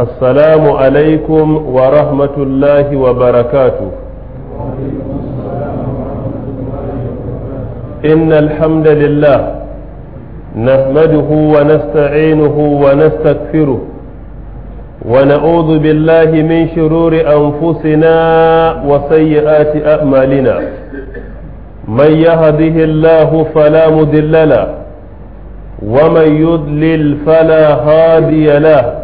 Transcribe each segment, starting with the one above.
السلام عليكم ورحمة الله وبركاته إن الحمد لله نحمده ونستعينه ونستغفره ونعوذ بالله من شرور أنفسنا وسيئات أعمالنا من يهده الله فلا مضل له ومن يضلل فلا هادي له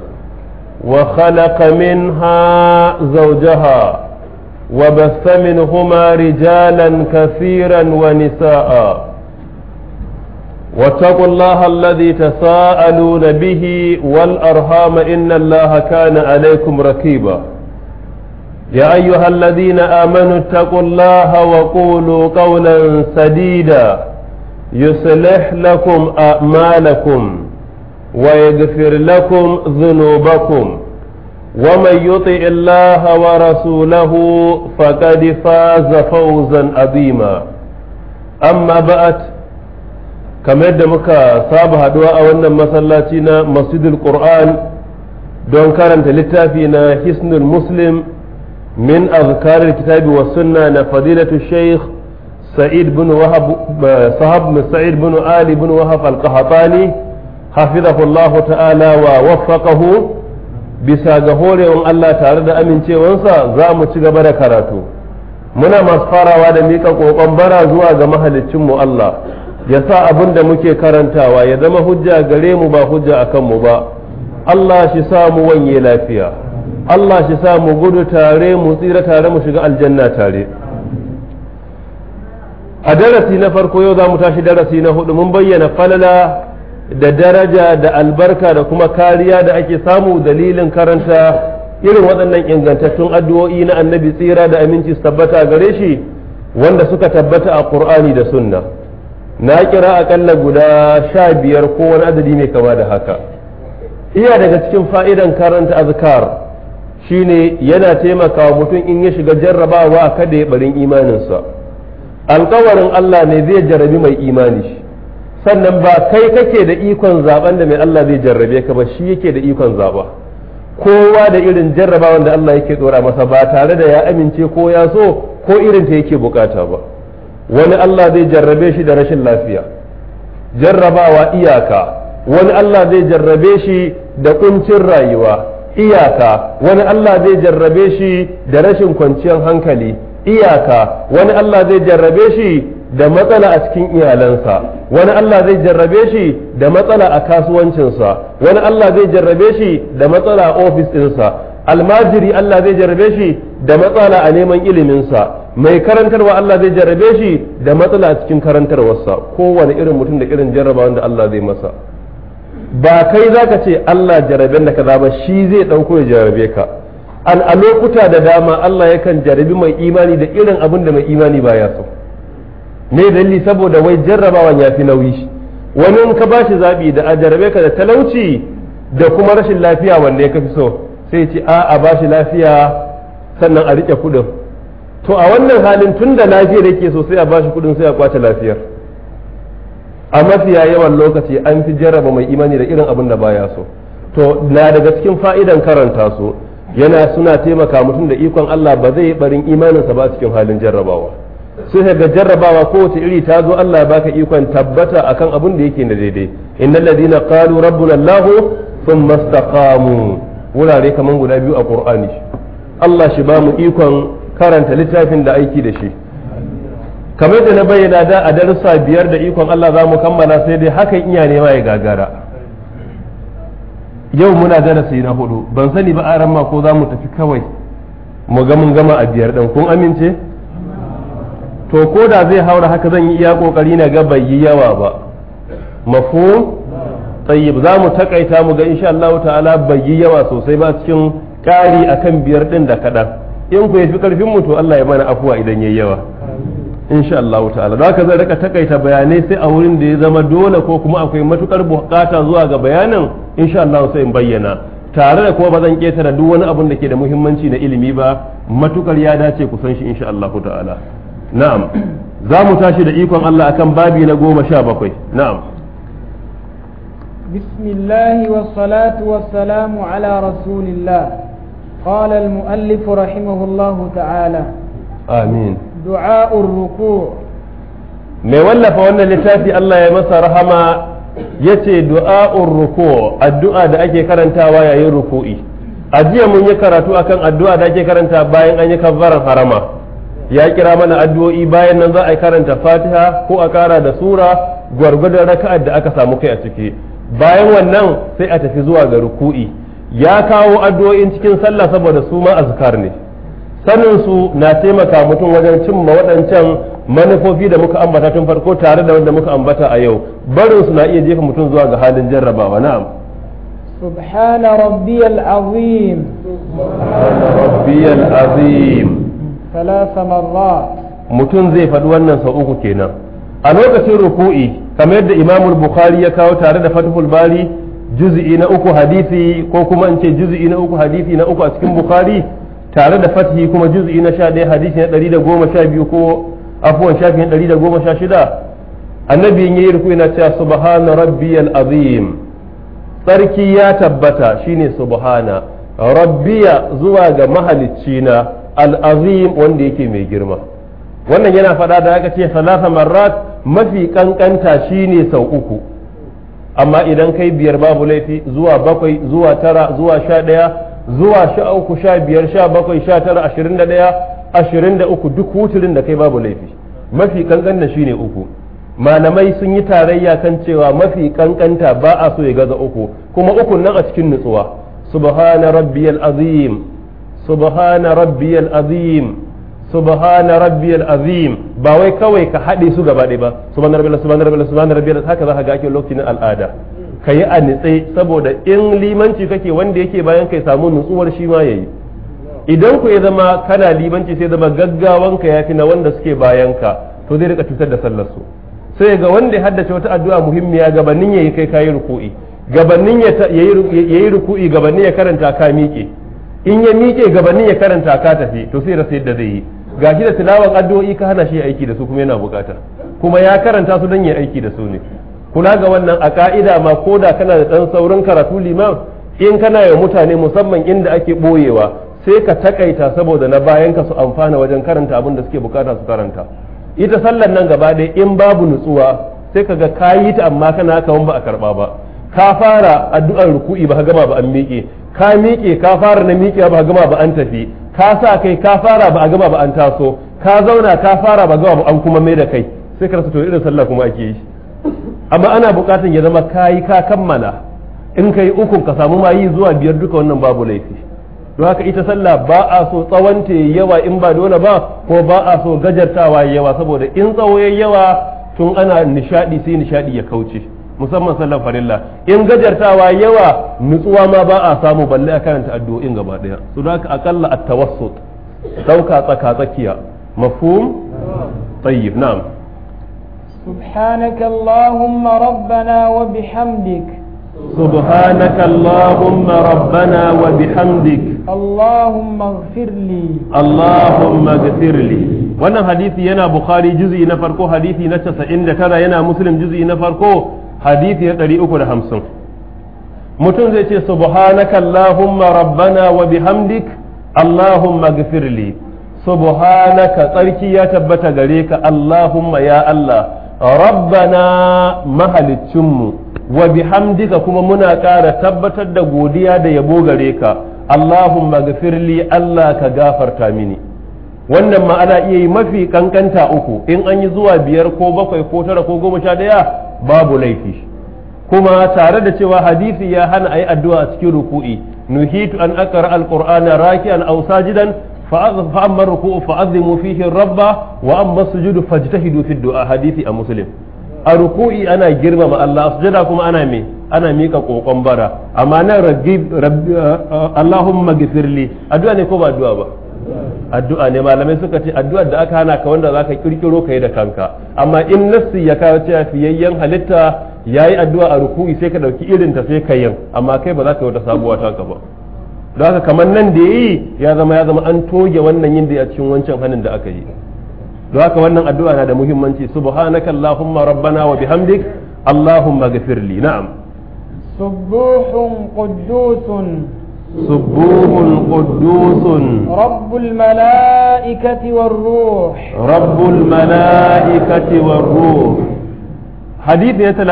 وخلق منها زوجها وبث منهما رجالا كثيرا ونساء واتقوا الله الذي تساءلون به والأرحام إن الله كان عليكم ركيبا يا أيها الذين آمنوا اتقوا الله وقولوا قولا سديدا يصلح لكم أعمالكم ويغفر لكم ذنوبكم ومن يطع الله ورسوله فقد فاز فوزا عظيما أما بعد kamar yadda muka saba haduwa a wannan masallaci na masjidul qur'an don karanta littafi na hisnul muslim min azkarar kitabi wa sunna na fadilatu sheikh sa'id bin wahab sahab sa'id bin bin wahab al hafizahu Allah ta'ala wa waffaqahu bisa ga horewan Allah tare da amincewansa za mu ci gaba da karatu muna masu farawa da miƙa ƙoƙon bara zuwa ga mahaliccin mu Allah ya sa abin da muke karantawa ya zama hujja gare mu ba hujja akan mu ba Allah shi sa mu wanye lafiya Allah shi sa mu gudu tare mu tsira tare mu shiga aljanna tare a darasi na farko yau za mu tashi darasi na hudu mun bayyana falala da daraja da albarka da kuma kariya da ake samu dalilin karanta irin waɗannan ingantattun addu'o'i na annabi tsira da aminci su tabbata gare shi wanda suka tabbata a ƙur'ani da sunna na kira aƙalla guda sha biyar ko wani adadi mai kama da haka iya daga cikin fa'idan karanta azkar shine yana taimakawa mutum in ya shiga jarrabawa kada ya barin imaninsa alƙawarin allah ne zai jarabi mai imani sannan ba kai kake da ikon zaben da mai Allah zai jarrabe ka ba shi yake da ikon zaba kowa da irin jarrabawan da Allah yake tsora masa ba tare da ya amince ko ya so ko irin ta yake bukata ba wani Allah zai jarrabe shi da rashin lafiya jarrabawa iyaka wani Allah zai jarrabe shi da kuncin rayuwa iyaka wani Allah zai jarrabe shi da rashin kwanciyar hankali iyaka wani Allah zai jarrabe shi da matsala a cikin iyalansa wani Allah zai jarrabe shi da matsala a kasuwancinsa wani Allah zai jarrabe shi da matsala a ofis ɗinsa almajiri Allah zai jarrabe shi da matsala a neman iliminsa mai karantarwa Allah zai jarrabe shi da matsala a cikin karantarwarsa kowane irin mutum da irin jarraba wanda Allah zai masa ba kai za ka ce Allah jarrabe da kaza ba shi zai ɗauko ya jarrabe ka an a lokuta da dama Allah yakan jarrabi mai imani da irin abin da mai imani ba ya so me dalili saboda wai jarrabawan ya fi nauyi wani in ka shi zabi da a jarrabe ka da talauci da kuma rashin lafiya wanda ya kafi so sai ce a a bashi lafiya sannan a rike kudin to a wannan halin tun da lafiyar yake so sai a bashi kudin sai a kwace lafiyar a mafiya yawan lokaci an fi jarraba mai imani da irin abin da baya so to na daga cikin fa'idan karanta su yana suna taimaka mutum da ikon Allah ba zai barin imaninsa ba cikin halin jarrabawa sai ga jarrabawa kowace iri ta zo Allah baka ikon tabbata akan abin da yake na daidai innal ladina qalu rabbuna Allah thumma istaqamu wurare kaman guda biyu a Qur'ani Allah shi ba mu ikon karanta littafin da aiki da shi kamar da na bayyana da a darussa biyar da ikon Allah za mu kammala sai dai hakan iya nema ya gagara yau muna darasi na hudu ban sani ba a ran ko za mu tafi kawai mu ga mun gama a biyar ɗin kun amince to ko da zai haura haka zan yi iya kokari na ga bai yi yawa ba mafu tayyib za mu takaita mu ga insha Allah ta'ala bai yi yawa sosai ba cikin kari akan biyar din da kadan in ku yafi karfin mu to Allah ya mana afuwa idan yayi yawa insha Allah ta'ala don haka zai rika takaita bayanai sai a wurin da ya zama dole ko kuma akwai matukar buƙata zuwa ga bayanin insha Allah sai in bayyana tare da kuma ba zan ketara duk wani abun da ke da muhimmanci na ilimi ba matukar ya dace ku san shi insha Allah ta'ala na'am za mu tashi da ikon Allah akan babi na goma sha bakwai na'am بسم الله والصلاة والسلام على رسول الله قال المؤلف رحمه الله تعالى آمين دعاء الركوع mai wallafa wannan littafi Allah ya masa rahama ya ce du'a'ur ruku addu'a da ake karantawa yayin ruku'i a jiya mun yi karatu akan addu'a da ake karanta bayan an yi kabbaran harama ya kira mana addu'o'i bayan nan za a karanta fatiha ko a kara da sura gwargwadon raka'ar da aka samu kai a ciki bayan wannan sai a tafi zuwa ga ruku'i ya kawo addu'o'in cikin sallah saboda su ma azkar ne sanin su na taimaka mutum wajen cimma waɗancan manufofi da muka ambata tun farko tare da wanda muka ambata a yau barin su na iya jefa mutum zuwa ga halin jarrabawa na'am subhana rabbiyal azim subhana rabbiyal azim thalatha marrat mutum zai faɗi wannan sau uku kenan a lokacin ruku'i kamar yadda imamu Bukhari ya kawo tare da Fathul Bari juz'i na uku hadisi ko kuma in ce juz'i na uku hadisi na uku a cikin Bukhari tare da fatihi kuma juz'i na sha ɗaya hadisi na ɗari da goma sha biyu ko afuwan shafi na ɗari da goma sha shida annabi ya yi ruku'i na cewa subhana rabbiyal azim tsarki ya tabbata shine subhana rabbiya zuwa ga mahalicci na al'azim wanda yake mai girma wannan yana faɗa da aka ce salasa marrat mafi kankanta ne sau uku amma idan kai biyar babu laifi zuwa bakwai zuwa tara zuwa sha ɗaya zuwa sha uku sha biyar sha bakwai sha tara ashirin da ɗaya ashirin da uku duk wutirin da kai babu laifi mafi kankanta ne uku malamai sun yi tarayya kan cewa mafi kankanta ba a so ya gaza uku kuma uku nan a cikin nutsuwa subhana rabbiyal azim subhana rabbiyal azim subhana rabbiyal azim ba wai kawai ka haɗe su gaba ɗaya ba subhana rabbiyal subhana rabbiyal subhana rabbiyal haka za ka ga ake lokacin al'ada ka yi a nitse saboda in limanci kake wanda yake bayan kai samu nutsuwar shi ma yayi idan ku ya zama kana limanci sai zama gaggawan ka yafi na wanda suke bayan ka to zai rika cutar da sallar su sai ga wanda ya haddace wata addu'a muhimmiya gabanin yayi kai kayi ruku'i gabanin ya yayi ruku'i gabanin ya karanta ka miƙe in ya miƙe gabanin ya karanta ka tafi to sai rasa yadda zai yi gashi da tilawan addu'o'i ka hana shi aiki da su kuma yana bukata kuma ya karanta su don ya aiki da su ne kula ga wannan a ka'ida ma ko da kana da ɗan saurin karatu liman in kana yi mutane musamman inda ake ɓoyewa sai ka takaita saboda na bayan ka su amfana wajen karanta abin da suke bukata su karanta ita sallan nan gaba ɗaya in babu nutsuwa sai ka ga kayi ta amma kana wani ba a karɓa ba ka fara addu'ar ruku'i ba gama ba an miƙe ka miƙe ka fara na miƙe ba gama ba an tafi ka sa kai ka fara ba a gama ba an taso ka zauna ka fara ba gama ba an kuma mai da kai sai ka rasa to irin sallah kuma ake yi amma ana buƙatar ya zama kayi ka kammala in kai uku ka samu mayi zuwa biyar duka wannan babu laifi don haka ita sallah ba a so tsawanta yawa in ba dole ba ko ba a so gajartawa yawa saboda in tsawo yawa tun ana nishaɗi sai nishaɗi ya kauce musamman sallar farilla in gajartawa yawa nutsuwa ma ba a samu balle a karanta addu'o'in gaba daya su da akalla a tawassut dauka tsaka tsakiya mafhum tayyib na'am سبحانك اللهم ربنا bihamdik. سبحانك اللهم ربنا وبحمدك اللهم اغفر لي اللهم اغفر لي wannan hadisi yana bukari juz'i na farko hadisi na 99 yana muslim juz'i na farko hadisi na 350 mutum zai ce subhanaka allahumma rabbana wa bihamdik allahumma gfirli subhanaka tsarki ya tabbata gare ka allahumma ya allah rabbana mahaliccinmu wa bihamdika kuma muna ƙara tabbatar da godiya da yabo gare ka allahumma gfirli allah ka gafarta mini wannan ma'ana iya yi mafi kankanta uku in an yi zuwa biyar ko bakwai ko tara ko goma sha daya babu laifi kuma tare da cewa hadisi ya hana a yi addu'a a cikin ruku'i nuhitu an aqra alqur'ana raki an ausa jidan amma ruku'u fa fihi rabba wa amma sujudu fajtahidu fi du'a hadisi a muslim a ruku'i ana girmama Allah sujada kuma ana ana mika ƙoƙon bara amma nan rabbbi eh, eh, Allahumma gifirli addu'a ne ko ba addu'a ba addu'a ne malamai suka ce addu'a da aka hana ka wanda za zaka kirkiro yi da kanka amma in nassi ya kawo cewa fiyayyen halitta yi addu'a a ruku'i sai ka ɗauki irin ta sai ka yin amma kai ba za ka yi wata sabuwa ta ka ba don haka kamar nan da ya yi ya zama ya zama an toge wannan yin da ya cikin wancan hannun da aka yi don haka wannan addu'a na da muhimmanci subhanaka allahumma rabbana wa bihamdik allahumma gafirli na'am subuhun quddusun سبوح قدوس رب الملائكة والروح رب الملائكة والروح حديث يا 35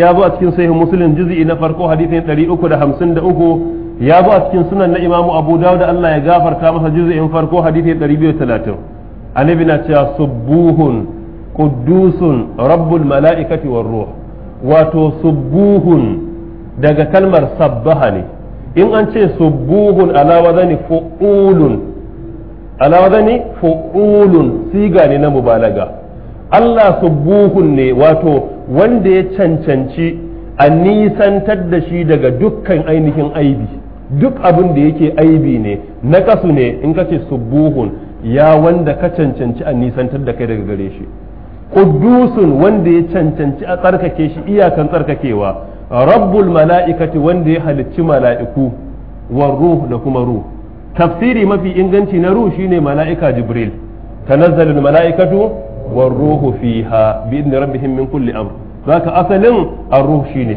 يا zo a cikin sahih muslim juz'i na farko hadisi na 353 ya zo a cikin sunan na imamu abu da Allah ya gafarta masa juz'in farko hadisi na 230 annabi na cewa subuhun quddusun rabbul mala'ikati war ruh wato subuhun daga kalmar sabbaha ne in an ce subuhun buhun fu'ulun ala fu'ulun siga ne na mubalaga Allah subuhun ne wato wanda ya cancanci a nisantar da shi daga dukkan ainihin aibi duk abin da yake aibi ne na kasu ne in ka ce subuhun ya wanda ka cancanci a nisantar da kai daga gare shi kudusun wanda ya cancanci a tsarkake shi iyakan tsarkakewa rabbul mala'ikati wanda ya halicci mala'iku war ruh da kuma ruh tafsiri mafi inganci na ruh shine mala'ika jibril tanazzalul mala'ikatu war ruhu fiha bi idni rabbihim min kulli amr zaka asalin ar-ruh shine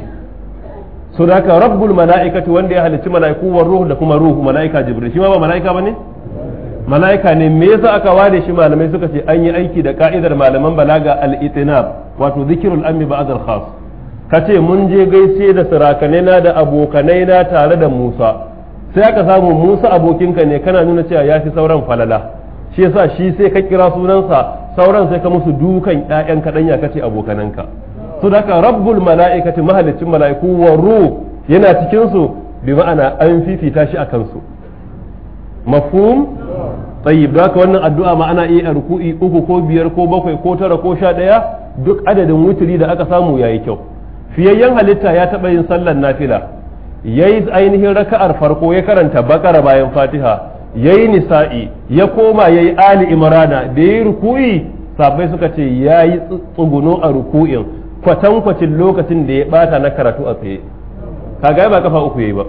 so zaka rabbul mala'ikati wanda ya halicci mala'iku da kuma mala'ika ba ne me yasa aka ware shi malamai suka ce an yi aiki da ka'idar malaman balaga al-itinab wato zikrul ammi ba'd al-khas ka ce mun je gaishe da sirakanaina na da abokanai na tare da Musa sai aka samu Musa abokinka ne kana nuna cewa ya fi sauran falala shi yasa shi sai ka kira sunansa sauran sai ka musu dukan ƴaƴan ya kace abokananka so da rabbul mala'ikati mahalicin mala'iku wa ruh yana cikin su bi ma'ana an fifita shi akan su mafhum tayyib ka wannan addu'a ma ana a ruku'i uku ko biyar ko bakwai ko tara ko sha ɗaya duk adadin wuturi da aka samu yayi kyau fiyayyen halitta ya taɓa yin sallar nafila ya yi ainihin raka'ar farko ya karanta bakara bayan fatiha ya yi nisa'i ya koma ya yi ali imrana da ya yi ruku'i sabai suka ce ya yi tsuguno a ruku'in kwatankwacin lokacin da ya bata na karatu a tsaye kaga ba kafa uku yayi ba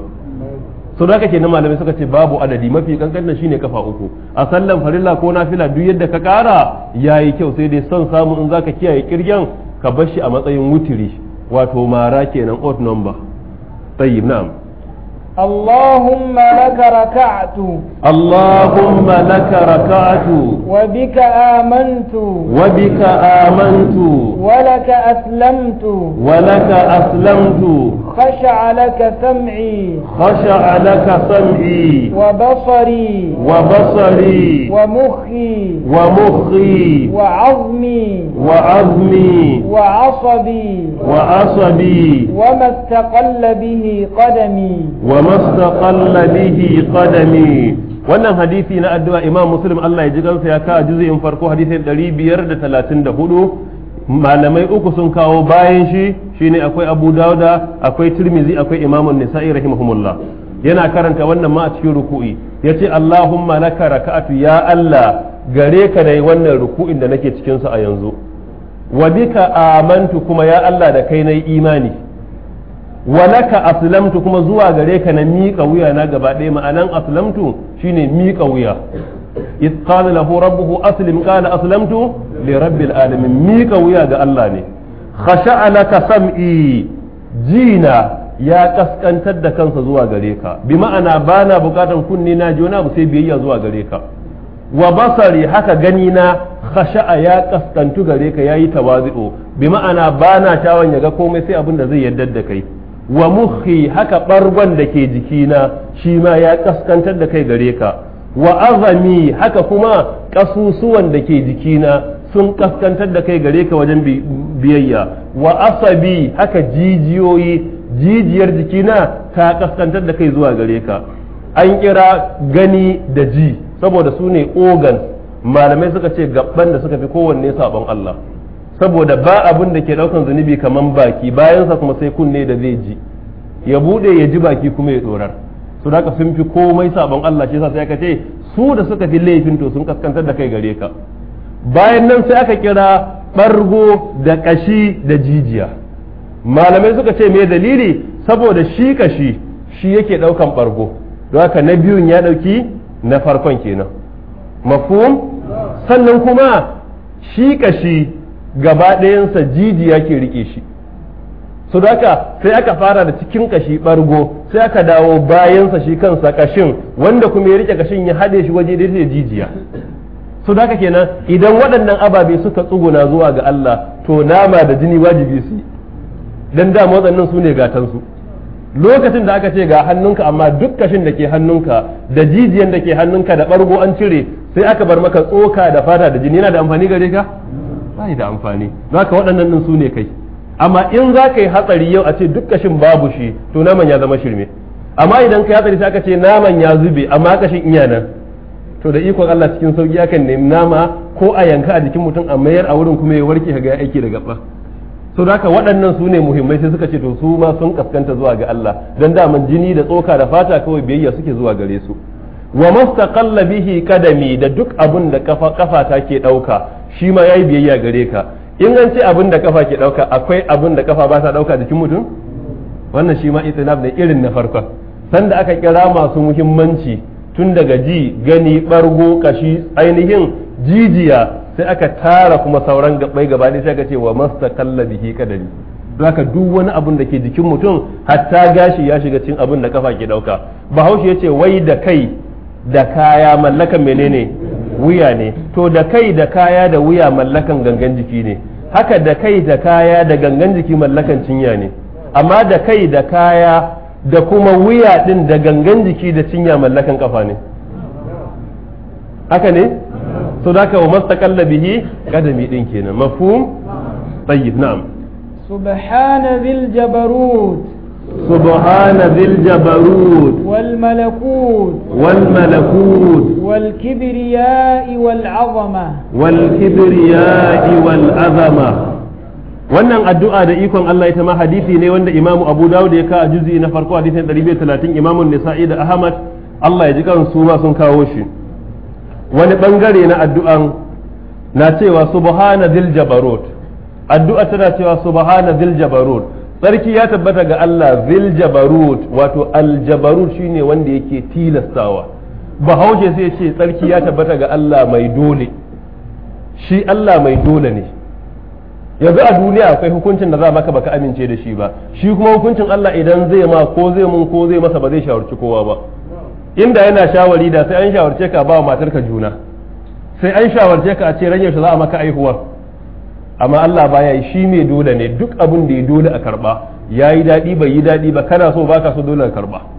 da haka ke na malamai suka ce babu adadi mafi kankan shine kafa uku a sallan farilla ko nafila duk yadda ka kara yayi kyau sai dai son samu in zaka kiyaye kirgen ka bar shi a matsayin wutiri wato mara kenan odd number tayyib na'am اللهم لك ركعت اللهم لك ركعت وبك آمنت وبك آمنت ولك أسلمت ولك أسلمت خشع لك سمعي خشع لك سمعي وبصري وبصري ومخي ومخي وعظمي وعظمي وعصبي وعصبي وما استقل به قدمي وما استقل به قدمي wannan hadisi na addu'a imam muslim Allah ya ji gansa ya kawo juz'in farko hadisin 534 malamai uku sun kawo bayan shi shine akwai abu dauda akwai turmizi akwai imamun nisa'i rahimahumullah yana karanta wannan ma a cikin ruku'i ya ce allahumma laka raka'atu ya allah gare ka yi wannan ruku'in da nake cikin a yanzu wa bika amantu kuma ya allah da kai na yi imani wa laka aslamtu kuma zuwa gare ka na miƙa wuya na gaba ɗaya ma'anan aslamtu shine miƙa wuya إذ قال له aslim أسلم قال أسلمت li rabbil alamin miƙa wuya ga Allah ne khasha'a laka sam'i jina ya kaskantar da kansa zuwa gare ka bi ma'ana ba na bukatan kunni na ji wani abu sai biyayya zuwa gare ka wa basari haka gani na khasha'a ya kaskantu gare ka yayi tawazi'u bi ma'ana ba na tawon ya ga komai sai abin da zai yadda da kai wa muhi haka bargon da ke jikina shi ma ya kaskantar da kai gare ka wa azami haka kuma kasusuwan da ke jikina sun kaskantar da kai gare ka wajen biyayya wa asabi haka jijiyoyi jijiyar jikina ta kaskantar da kai zuwa gare ka an kira gani da ji saboda su ne ogan malamai suka ce gaban da suka fi kowanne sabon Allah saboda ba abin da ke daukan zunubi kaman baki bayansa kuma sai kunne da zai ji ya bude ya ji baki kuma ya dorar su da sun fi komai sabon Allah shi yasa sai ka ce su da suka fi laifin to sun kaskantar da kai gare ka bayan nan sai aka kira ɓargo da ƙashi da jijiya malamai suka ce mai dalili saboda shi ƙashi shi yake ɗaukan ɓargo don haka na biyun ya ɗauki na farkon kenan mafhum sannan kuma shi ƙashi gaba ɗayansa jijiya ke riƙe shi su daka sai aka fara da cikin kashi ɓargo sai aka dawo bayansa shi kansa kashin wanda kuma ya rike kashin ya haɗe shi waje da jijiya so da haka kenan idan waɗannan ababe suka tsuguna zuwa ga Allah to nama da jini wajibi su dan da waɗannan su ne gatansu lokacin da aka ce ga hannunka amma duk kashin da ke hannunka da jijiyan da ke hannunka da ɓargo an cire sai aka bar maka tsoka da fata da jini yana da amfani gare ka ba da amfani don haka waɗannan ɗin su ne kai amma in za ka yi hatsari yau a ce duk kashin babu shi to naman ya zama shirme amma idan ka yi hatsari sai aka ce naman ya zube amma kashin iya to da ikon Allah cikin sauki akan nemi nama ko a yanka a jikin mutum a mayar a wurin kuma ya warke ga aiki da gaba so da haka waɗannan su ne muhimmai sai suka ce to su ma sun kaskanta zuwa ga Allah dan daman jini da tsoka da fata kawai biyayya suke zuwa gare su wa mustaqalla bihi kadami da duk abun da kafa kafa ta ke dauka shi ma yayi biyayya gare ka in an ce abun da kafa ke dauka akwai abun da kafa ba ta dauka jikin mutum wannan shi ma itinab da irin na farkon sanda aka kira masu muhimmanci tun daga ji gani bargo kashi ainihin jijiya sai aka tara kuma sauran gabai gaba sai aka ce wa mastaqalla bihi kadari haka duk wani abun da ke jikin mutum hatta gashi ya shiga cikin abun da kafa ke dauka bahaushe ya ce, wai da kai da kaya mallakan menene wuya ne to da kai da kaya da wuya mallakan gangan jiki ne haka da kai da kaya da gangan jiki mallakan cinya ne amma da kai da kaya da kuma wuya din da gangan jiki da cinya mallakan kafa ne haka ne so da ka umar mastaqalla bihi kadami din kenan mafhum tayyib na'am subhana dhil jabarut سبحان ذي الجبروت والملكوت والملكوت والكبرياء والعظمة والكبرياء والعظمة wannan addu'a da ikon Allah ita ma hadisi ne wanda imamu Abu Dawud ya kawo juzi na farko hadisin 130 imamu Nisa'i da Ahmad Allah ya ji kan su ma sun kawo shi wani bangare na addu'an na cewa subhana dhil jabarut addu'a tana cewa subhana dhil jabarut sarki ya tabbata ga Allah dhil jabarut wato al jabarut shine wanda yake tilastawa bahaushe sai ce sarki ya tabbata ga Allah mai dole shi Allah mai dole ne yanzu a duniya akwai hukuncin da za maka baka amince da shi ba shi kuma hukuncin Allah idan zai ma ko zai mun ko zai masa ba zai shawarci kowa ba inda yana shawari da sai an shawarce ka ba matarka juna sai an shawarce ka a ce ran yaushe za a maka aihuwar amma Allah baya yi shi mai dole ne duk abin da ya dole a karba yayi dadi bai yi dadi ba kana so baka so dole a karba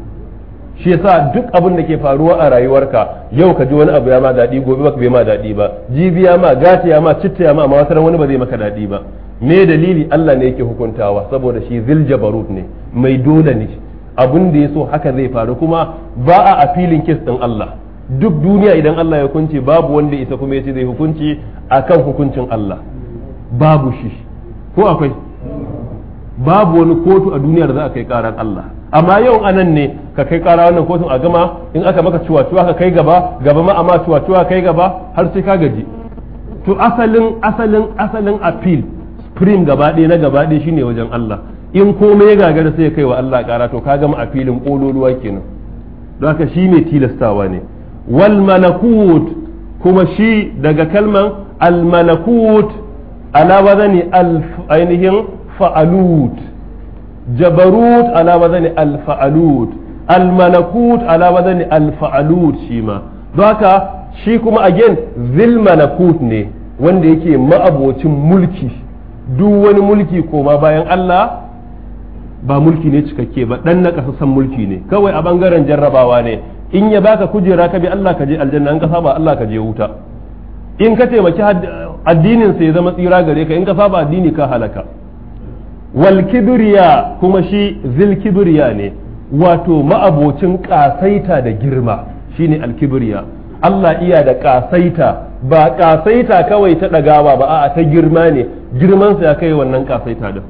shi yasa duk abin da ke faruwa a rayuwarka yau ka ji wani abu ya ma daɗi gobe baka bai ma daɗi ba jibiya ya ma gashi ya ma citta ya ma amma wasu wani ba zai maka daɗi ba me dalili Allah ne yake hukuntawa saboda shi zil jabarut ne mai dole ne abun da ya so haka zai faru kuma ba a a filin kes ɗin Allah duk duniya idan Allah ya hukunci babu wanda isa kuma ya ce zai hukunci akan hukuncin Allah babu shi ko akwai babu wani kotu a duniya da za a kai karar Allah amma yau anan ne ka kai kara wannan kotun a gama in aka maka cuwa-cuwa ka kai gaba gaba ma amma cuwa-cuwa kai gaba har sai ka gaji to asalin asalin asalin appeal supreme gaba na gaba ɗaya shine wajen Allah in komai ya gagara sai ya kai wa Allah kara to ka gama appealin kololuwa kenan don haka shine tilastawa ne wal malakut kuma shi daga kalman al malakut ala wazani al ainihin fa'alut jabarut ala wazani alfa'alut almalakut ala wazani alfa'alut shi ma don haka shi kuma again zil malakut ne wanda yake ma'abocin mulki duk wani mulki koma bayan Allah ba mulki ne cikakke ba dan na kasassan mulki ne kawai a bangaren jarrabawa ne in ya baka kujera ka bi Allah ka je aljanna in ka saba Allah ka je wuta in ka taimaki addinin sa ya zama tsira gare ka in ka ba addini ka halaka Walkibiriya kuma shi zilkibiriya ne wato ma'abocin ƙasaita da girma shine alkibiriya. Allah iya da ƙasaita ba ƙasaita kawai ta ɗagawa ba a'a ta girma ne girmansa ya kai wannan ƙasaita din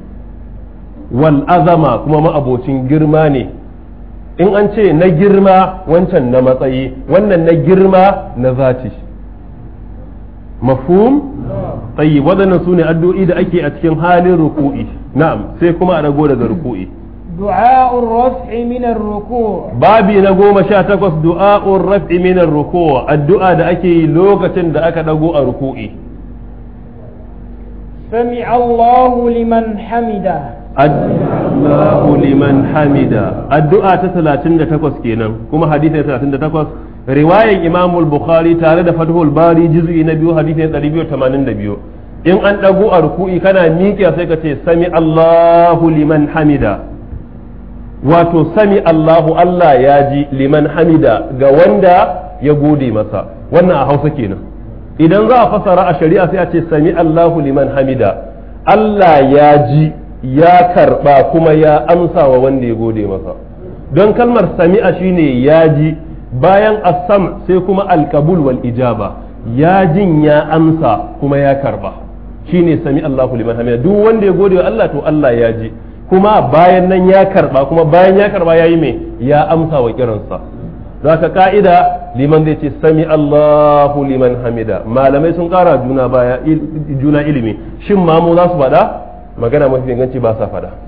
wal azama kuma ma'abocin girma ne in an ce na girma wancan na matsayi wannan na girma na zati mafhum tayyib wadannan sune addu'o'i da ake a cikin halin ruku'i na'am sai kuma a rago daga ruku'i du'a'ur raf'i min ar-ruku' goma sha takwas du'a'ur raf'i min ar addu'a da ake yi lokacin da aka dago a ruku'i sami'a Allahu hamida Allahu liman hamida addu'a ta kenan kuma hadisi riwayar imam bukhari tare da fathul bari juz'i na biyu hadisi na 282 in an dago a ruku'i kana miƙe sai ka ce sami Allahu liman hamida wato sami Allahu Allah ya ji liman hamida ga wanda ya gode masa wannan a Hausa kenan idan za a fasara a shari'a sai a ce sami Allahu liman hamida Allah ya ji ya karba kuma ya amsa wa wanda ya gode masa don kalmar sami'a shine ya ji bayan asam sai kuma alkabul wal ijaba ya jin ya amsa kuma ya karba shine sami Allahu liman hamida duk wanda ya gode wa Allah to Allah ya ji kuma bayan nan ya karba kuma bayan ya karba yayi me ya amsa wa kiransa za ka ka'ida liman zai ce sami Allahu liman hamida malamai sun kara juna baya juna ilimi shin mamu za su faɗa magana mafi inganci ba sa faɗa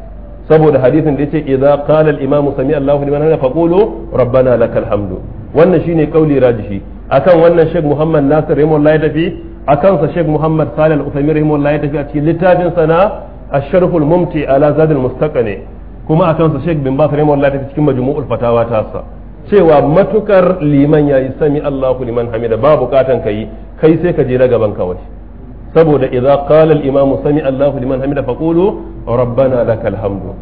saboda hadisin da yace idza qala al-imam sami Allahu liman hamida faqulu rabbana lakal hamdu wannan shine kauli rajihi akan wannan Sheikh Muhammad Nasir rahimahullah ya tafi akan sa Sheikh Muhammad Salih Al-Uthaymeen rahimahullah ya tafi a cikin littafin sa na ash al-Mumti ala Zad al-Mustaqani kuma akan sa Sheikh bin Baz rahimahullah ya tafi cikin Majmu'ul Fatawa ta sa cewa matukar liman yayi sami Allahu liman hamida ba bukatan kai kai sai ka je na gaban kawai saboda idza qala al imam sami Allahu liman hamida faqulu rabbana lakal hamdu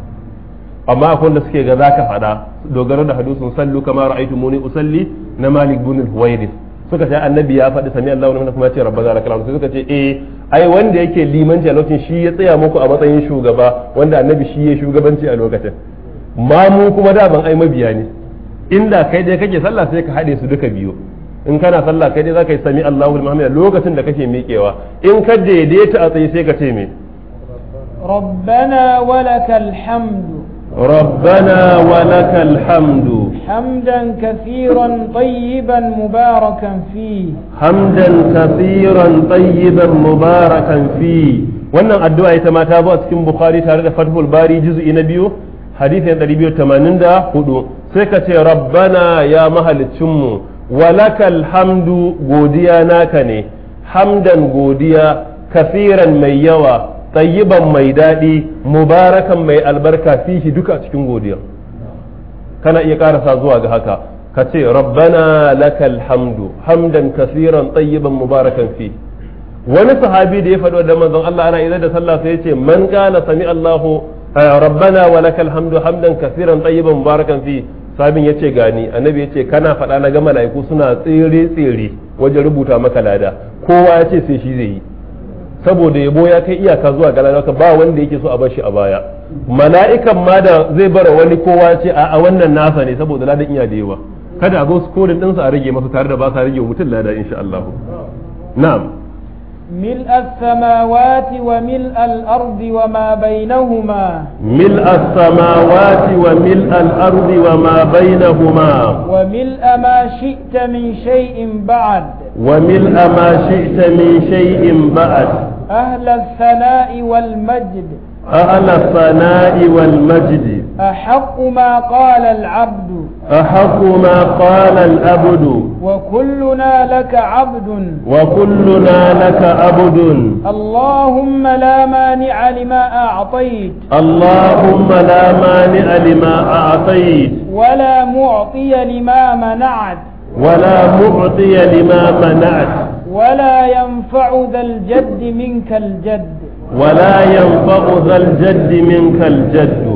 amma akwai da suke ga zaka fada dogaro da hadisin sallu kama ra'aytumuni usalli na Malik bin al suka ce annabi ya faɗi sami Allahu liman kuma ce rabbana lakal hamdu suka ce eh ai wanda yake limanci a lokacin shi ya tsaya muku a matsayin shugaba wanda annabi shi ya shugabanci a lokacin ma mu kuma da ban ai mabiya ne inda kai dai kake sallah sai ka haɗe su duka biyu in kana sallah kai dai zaka yi sami Allahu liman lokacin da kake miƙewa in ka daidaita a tsaye sai ka ce me ربنا hamdu. الحمد ربنا hamdan الحمد حمدا كثيرا طيبا مباركا فيه حمدا كثيرا طيبا مباركا fi. wannan addu'a ita ma ta zo a cikin bukhari tare da fathul bari juz'i na biyu hadithin 284 sai ka ce rabbana ya mu. walakal hamdu godiya naka ne hamdan godiya kafiran mai yawa tsayiban mai daɗi mubarakan mai albarka fihi duka cikin godiya kana iya karasa zuwa ga haka ka ce rabbana lakal hamdu hamdan kafiran tsayiban mubarakan fi wani sahabi da ya faɗo da manzon Allah ana idan da sallah sai ya ce man qala sami Allahu rabbana wa lakal hamdu hamdan kafiran tsayiban mubarakan fi sabin ya ce gani annabi ya ce kana faɗa na ga mala'iku suna tsere tsere wajen rubuta maka lada kowa ya ce sai shi zai yi saboda yabo ya kai iyaka zuwa ga lada ba wanda yake so a bar shi a baya mala'ikan ma da zai bara wani kowa ya ce a wannan nasa ne saboda ladan iya da yawa kada a zo su scoring ɗinsa a rage masa tare da ba sa rage mutum lada insha Allah na'am ملء السماوات وملء الأرض وما بينهما ملء السماوات وملء الأرض وما بينهما وملء ما شئت من شيء بعد وملء ما شئت من شيء بعد أهل الثناء والمجد أهل الثناء والمجد أحق ما قال العبد أحق ما قال العبد وكلنا لك عبد وكلنا لك عبد اللهم لا مانع لما أعطيت اللهم لا مانع لما أعطيت ولا معطي لما منعت ولا معطي لما منعت ولا ينفع ذا الجد منك الجد ولا ينفع ذا الجد منك الجد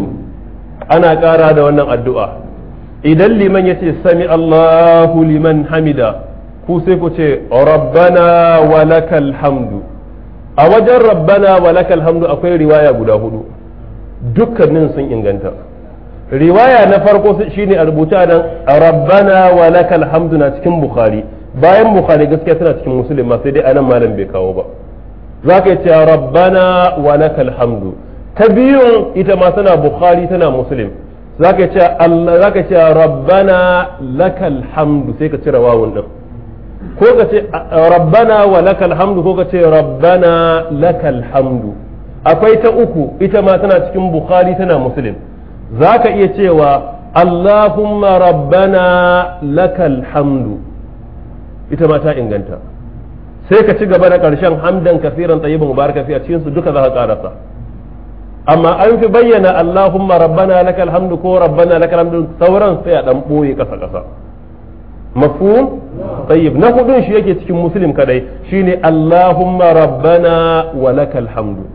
ana ƙara da wannan addu'a idan liman ya ce sami Allahu liman hamida ku sai ku ce rabbana walakal hamdu a wajen rabbana walakal hamdu akwai riwaya guda hudu dukkanin sun inganta riwaya na farko shine a rubuta nan rabbana walakal hamdu na cikin bukhari bayan bukhari gaskiya tana cikin musulun ma sai dai anan malam bai kawo ba za ka ce rabbana walakal hamdu ta biyun ita ma tana bukhari tana muslim zaka ce Allah zaka ce rabbana lakal hamdu sai ka cire wawun din ko ka ce rabbana wa lakal hamdu ko ka ce rabbana lakal hamdu akwai ta uku ita ma tana cikin bukhari tana muslim zaka iya cewa allahumma rabbana lakal hamdu ita ma ta inganta sai ka ci gaba da ƙarshen hamdan kafiran tayyiban mubaraka fi a cikin su duka za ka karasa amma an fi bayyana Allahumma rabbana lakal hamdu ko rabbana lakal hamdu sauran sai a dan boye kasa kasa mafhum tayyib na hudun shi yake cikin muslim kadai shine Allahumma rabbana wa lakal hamdu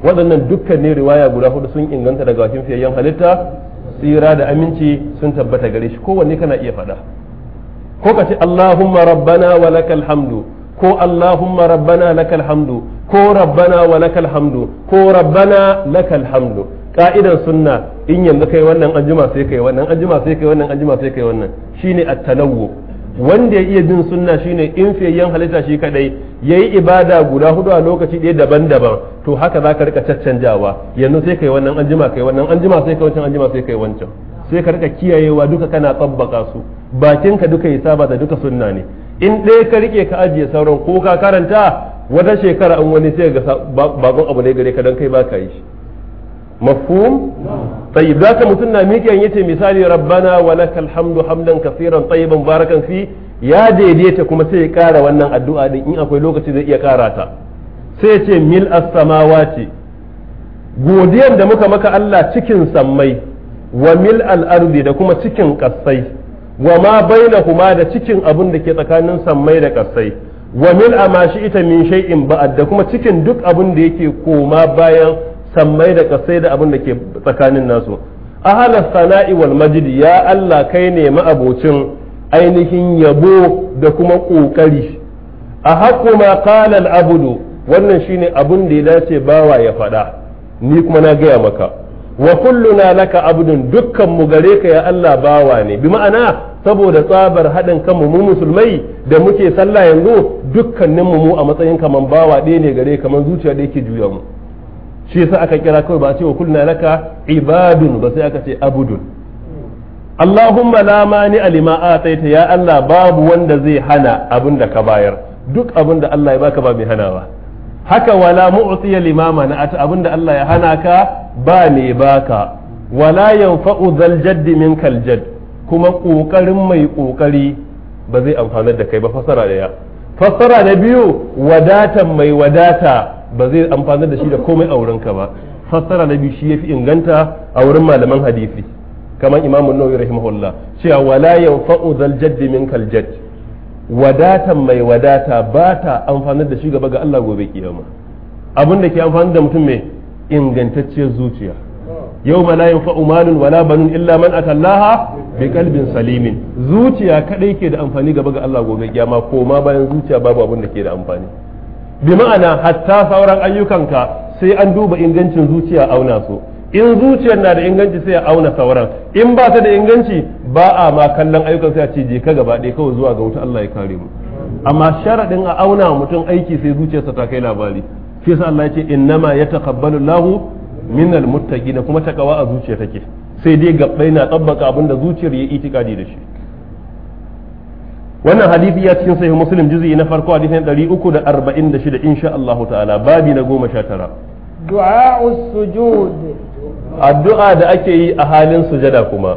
waɗannan dukkan ne riwaya guda hudu sun inganta daga wakin fiyayyen halitta tsira da aminci sun tabbata gare shi kowanne kana iya faɗa ko ka ce Allahumma rabbana wa lakal hamdu ko Allahumma rabbana lakal hamdu ko rabbana wa lakal hamdu ko rabbana lakal hamdu ka'idan sunna in yanzu kai wannan anjima sai kai wannan anjima sai kai wannan anjima sai kai wannan shine at-tanawwu wanda ya iya bin sunna shine in yan halitta shi kadai yayi ibada guda hudu a lokaci ɗaya daban-daban to haka za ka rika caccanjawa yanzu sai kai wannan anjima kai wannan anjuma sai kai wancan anjima sai kai wancan sai ka rika kiyayewa duka kana tsabbaka su ka duka ya saba da duka sunna ne in ɗaya ka rike ka ajiye sauran ko ka karanta wata shekara an wani sai ga babban abu ne gare ka don kai ba ka yi shi mafhum tayyib da ka mutum na miƙe yace misali rabbana wa lakal hamdu hamdan kaseeran tayyiban barakan fi ya daidaita kuma sai ya ƙara wannan addu'a din in akwai lokaci zai iya ƙara ta sai ce mil as-samawati godiyar da muka maka Allah cikin sammai wa mil al-ardi da kuma cikin kassai wa ma bainahuma da cikin abun da ke tsakanin sammai da kassai. wa mil ma ita min shay'in ba'ad da kuma cikin duk abin da yake koma bayan sammai da kasai da abin da ke tsakanin nasu ahalas sana'i wal majid ya Allah kai ne ma'abocin ainihin yabo da kuma kokari a haƙo ma qala al abudu wannan shine abin da ya dace bawa ya faɗa ni kuma na gaya maka wa kulluna laka abdun dukkan mu gare ka ya Allah bawa ne bi ma'ana saboda tsabar haɗin kanmu mu musulmai da muke sallah yanzu dukkanin mu a matsayin kaman bawa ɗaya ne gare kaman zuciya da yake juya mu shi yasa aka kira kawai ba a ce wa kulluna laka ibadun ba sai aka ce abudun Allahumma la mani alima ataita ya Allah babu wanda zai hana abin da ka bayar duk abin da Allah ya baka ba mai hanawa haka wala mu'tiya limama na ata abinda Allah ya hana ka ba ne baka wala yanfa'u zal jadd kal jadd kuma kokarin mai kokari ba zai amfanar da kai ba fasara daya fasara na biyu wadatan mai wadata ba zai amfanar da shi da komai a wurin ka ba fasara na biyu shi yafi inganta a wurin malaman hadisi kamar imamu nawawi rahimahullah cewa wala yanfa'u zal jadd kal jadd wadatan mai wadata ba ta amfani da shi gaba ga Allah gobe kiyama abin da ke amfani da mutum mai ingantacciyar zuciya yau ma layin fa'umanin malun wala banun illa man atallaha bi kalbin salimin zuciya kadai ke da amfani gaba ga Allah gobe kiyama ko ma bayan zuciya babu abin da ke da amfani bi ma'ana hatta sauran ayyukanka sai an duba ingancin zuciya auna su in zuciyar na da inganci sai ya auna sauran in ba ta da inganci ba a ma kallon ayyukan sai a ce je ka gaba ɗaya kawai zuwa ga wuta Allah ya kare mu amma sharaɗin a auna mutum aiki sai zuciyarsa ta kai labari shi yasa Allah ya ce innama yataqabbalu Allahu minal muttaqin kuma ta takawa a zuciya take sai dai gabbai na tsabbaka abin da zuciyar ya itikadi da shi wannan hadisi ya cikin sahih muslim juz'i na farko hadisi 346 insha Allah ta'ala babi na 19 du'a us-sujud addu'a da ake yi a halin sujada kuma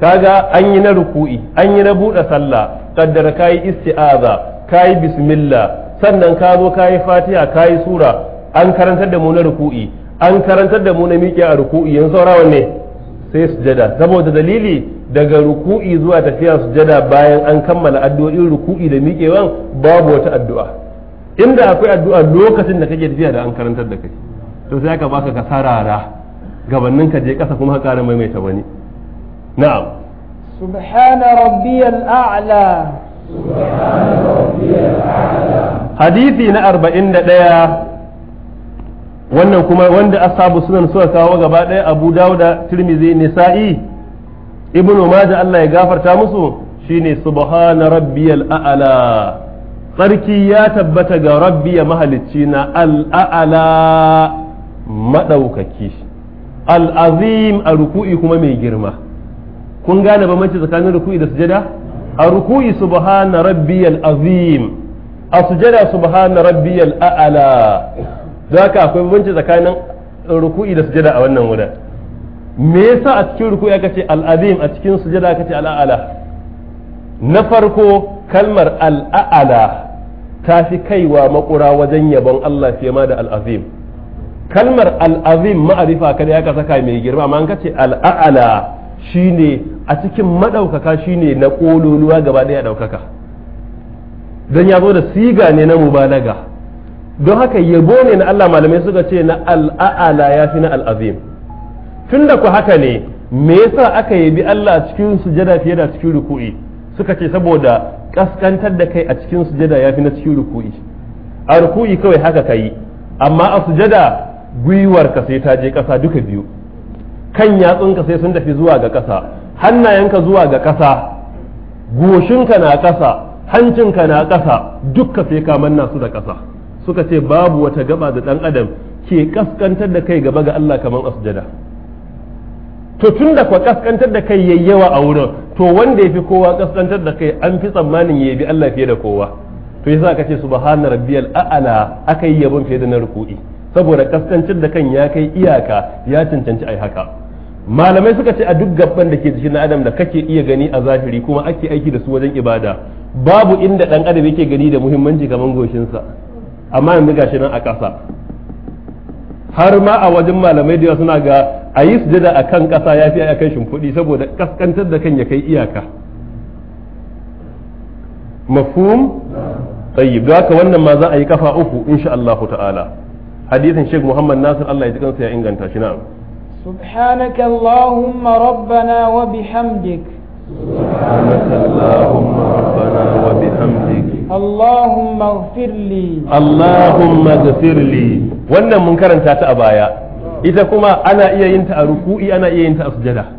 kaga an yi na ruku'i an yi na buɗe sallah kaddara kayi isti'aza kayi bismillah sannan ka zo kayi fatiha kayi sura an karantar da mu na ruku'i an karantar da mu na miƙe a ruku'i yanzu saurawa ne sai sujada saboda dalili daga ruku'i zuwa tafiya sujada bayan an kammala addu'o'in ruku'i da miƙewan babu wata addu'a inda akwai addu'a lokacin da kake tafiya da an karantar da kai to sai aka baka kasarara gabannin ka je kasa kuma ka maimaita wani na'am subhana rabbiyal a'la subhana hadisi na 41 wannan kuma wanda ashabu sunan suka kawo gaba ɗaya abu da tirmizi nisa'i ibnu majah Allah ya gafarta musu shine subhana rabbiyal a'la tsarki ya tabbata ga rabbiya mahalicci na al'a'ala madaukaki al'azim a ruku'i kuma mai girma kun gane ba mace tsakanin ruku'i da sujada a ruku'i subhana rabbi azim a sujada subhana rabbiyal a'ala zaka akwai bambanci tsakanin ruku'i da sujada a wannan wurin me yasa a cikin ruku'i aka ce al'azim a cikin sujada aka ce al'a'ala na farko kalmar al'a'ala ta fi kaiwa makura wajen yabon Allah fiye ma da al'azim kalmar al'azim ma'arifa kada ya saka mai girma amma kace al'a'ala shi ne a cikin maɗaukaka shi ne na ƙololuwa gaba ɗaya ɗaukaka. Don ya zo da siga ne na mubalaga don haka yabo ne na Allah malamai suka ce na al'a'ala ya fi na al'azim Tun da ku haka ne me yasa aka yabi Allah cikin sujada fiye da cikin ruku'i suka ce saboda kaskantar da kai a cikin sujada ya fi na cikin ruku'i a ruku'i kawai haka ka yi. amma a sujada gwiwarka sai ta je ƙasa duka biyu kan yatsunka sai sun tafi zuwa ga ƙasa hannayenka zuwa ga ƙasa goshinka na ƙasa hancinka na ƙasa dukka sai ka manna su da ƙasa suka ce babu wata gaba da ɗan adam ke kaskantar da kai gaba ga Allah kamar asjada to tun da kwa kaskantar da kai yayyawa a wurin to wanda ya fi kowa kaskantar da kai an fi tsammanin ya bi Allah fiye da kowa to yasa ka ce subhana rabbiyal a'ala aka yi yabon fiye da na ruku'i saboda kaskancin da kan ya kai iyaka ya cancanci ai haka malamai suka ce a duk gaban da ke jikin na adam da kake iya gani a zahiri kuma ake aiki da su wajen ibada babu inda dan adam yake gani da muhimmanci kamar goshinsa amma yanzu gashi nan a kasa. har ma a wajen malamai da suna ga a yi sujada a kan kasa ya fi a kan shimfiɗi saboda kaskantar da kan ya kai iyaka mafhum tayyib haka wannan ma za a yi kafa uku insha Allah ta'ala hadisin Sheikh Muhammad Nasir Allah ya ji kansa ya inganta shi na'am سبحانك اللهم ربنا وبحمدك سبحانك اللهم ربنا وبحمدك اللهم اغفر لي اللهم اغفر لي wannan mun karanta ta a baya ita kuma ana iya yin ta a ruku'i ana iya yin ta a sujada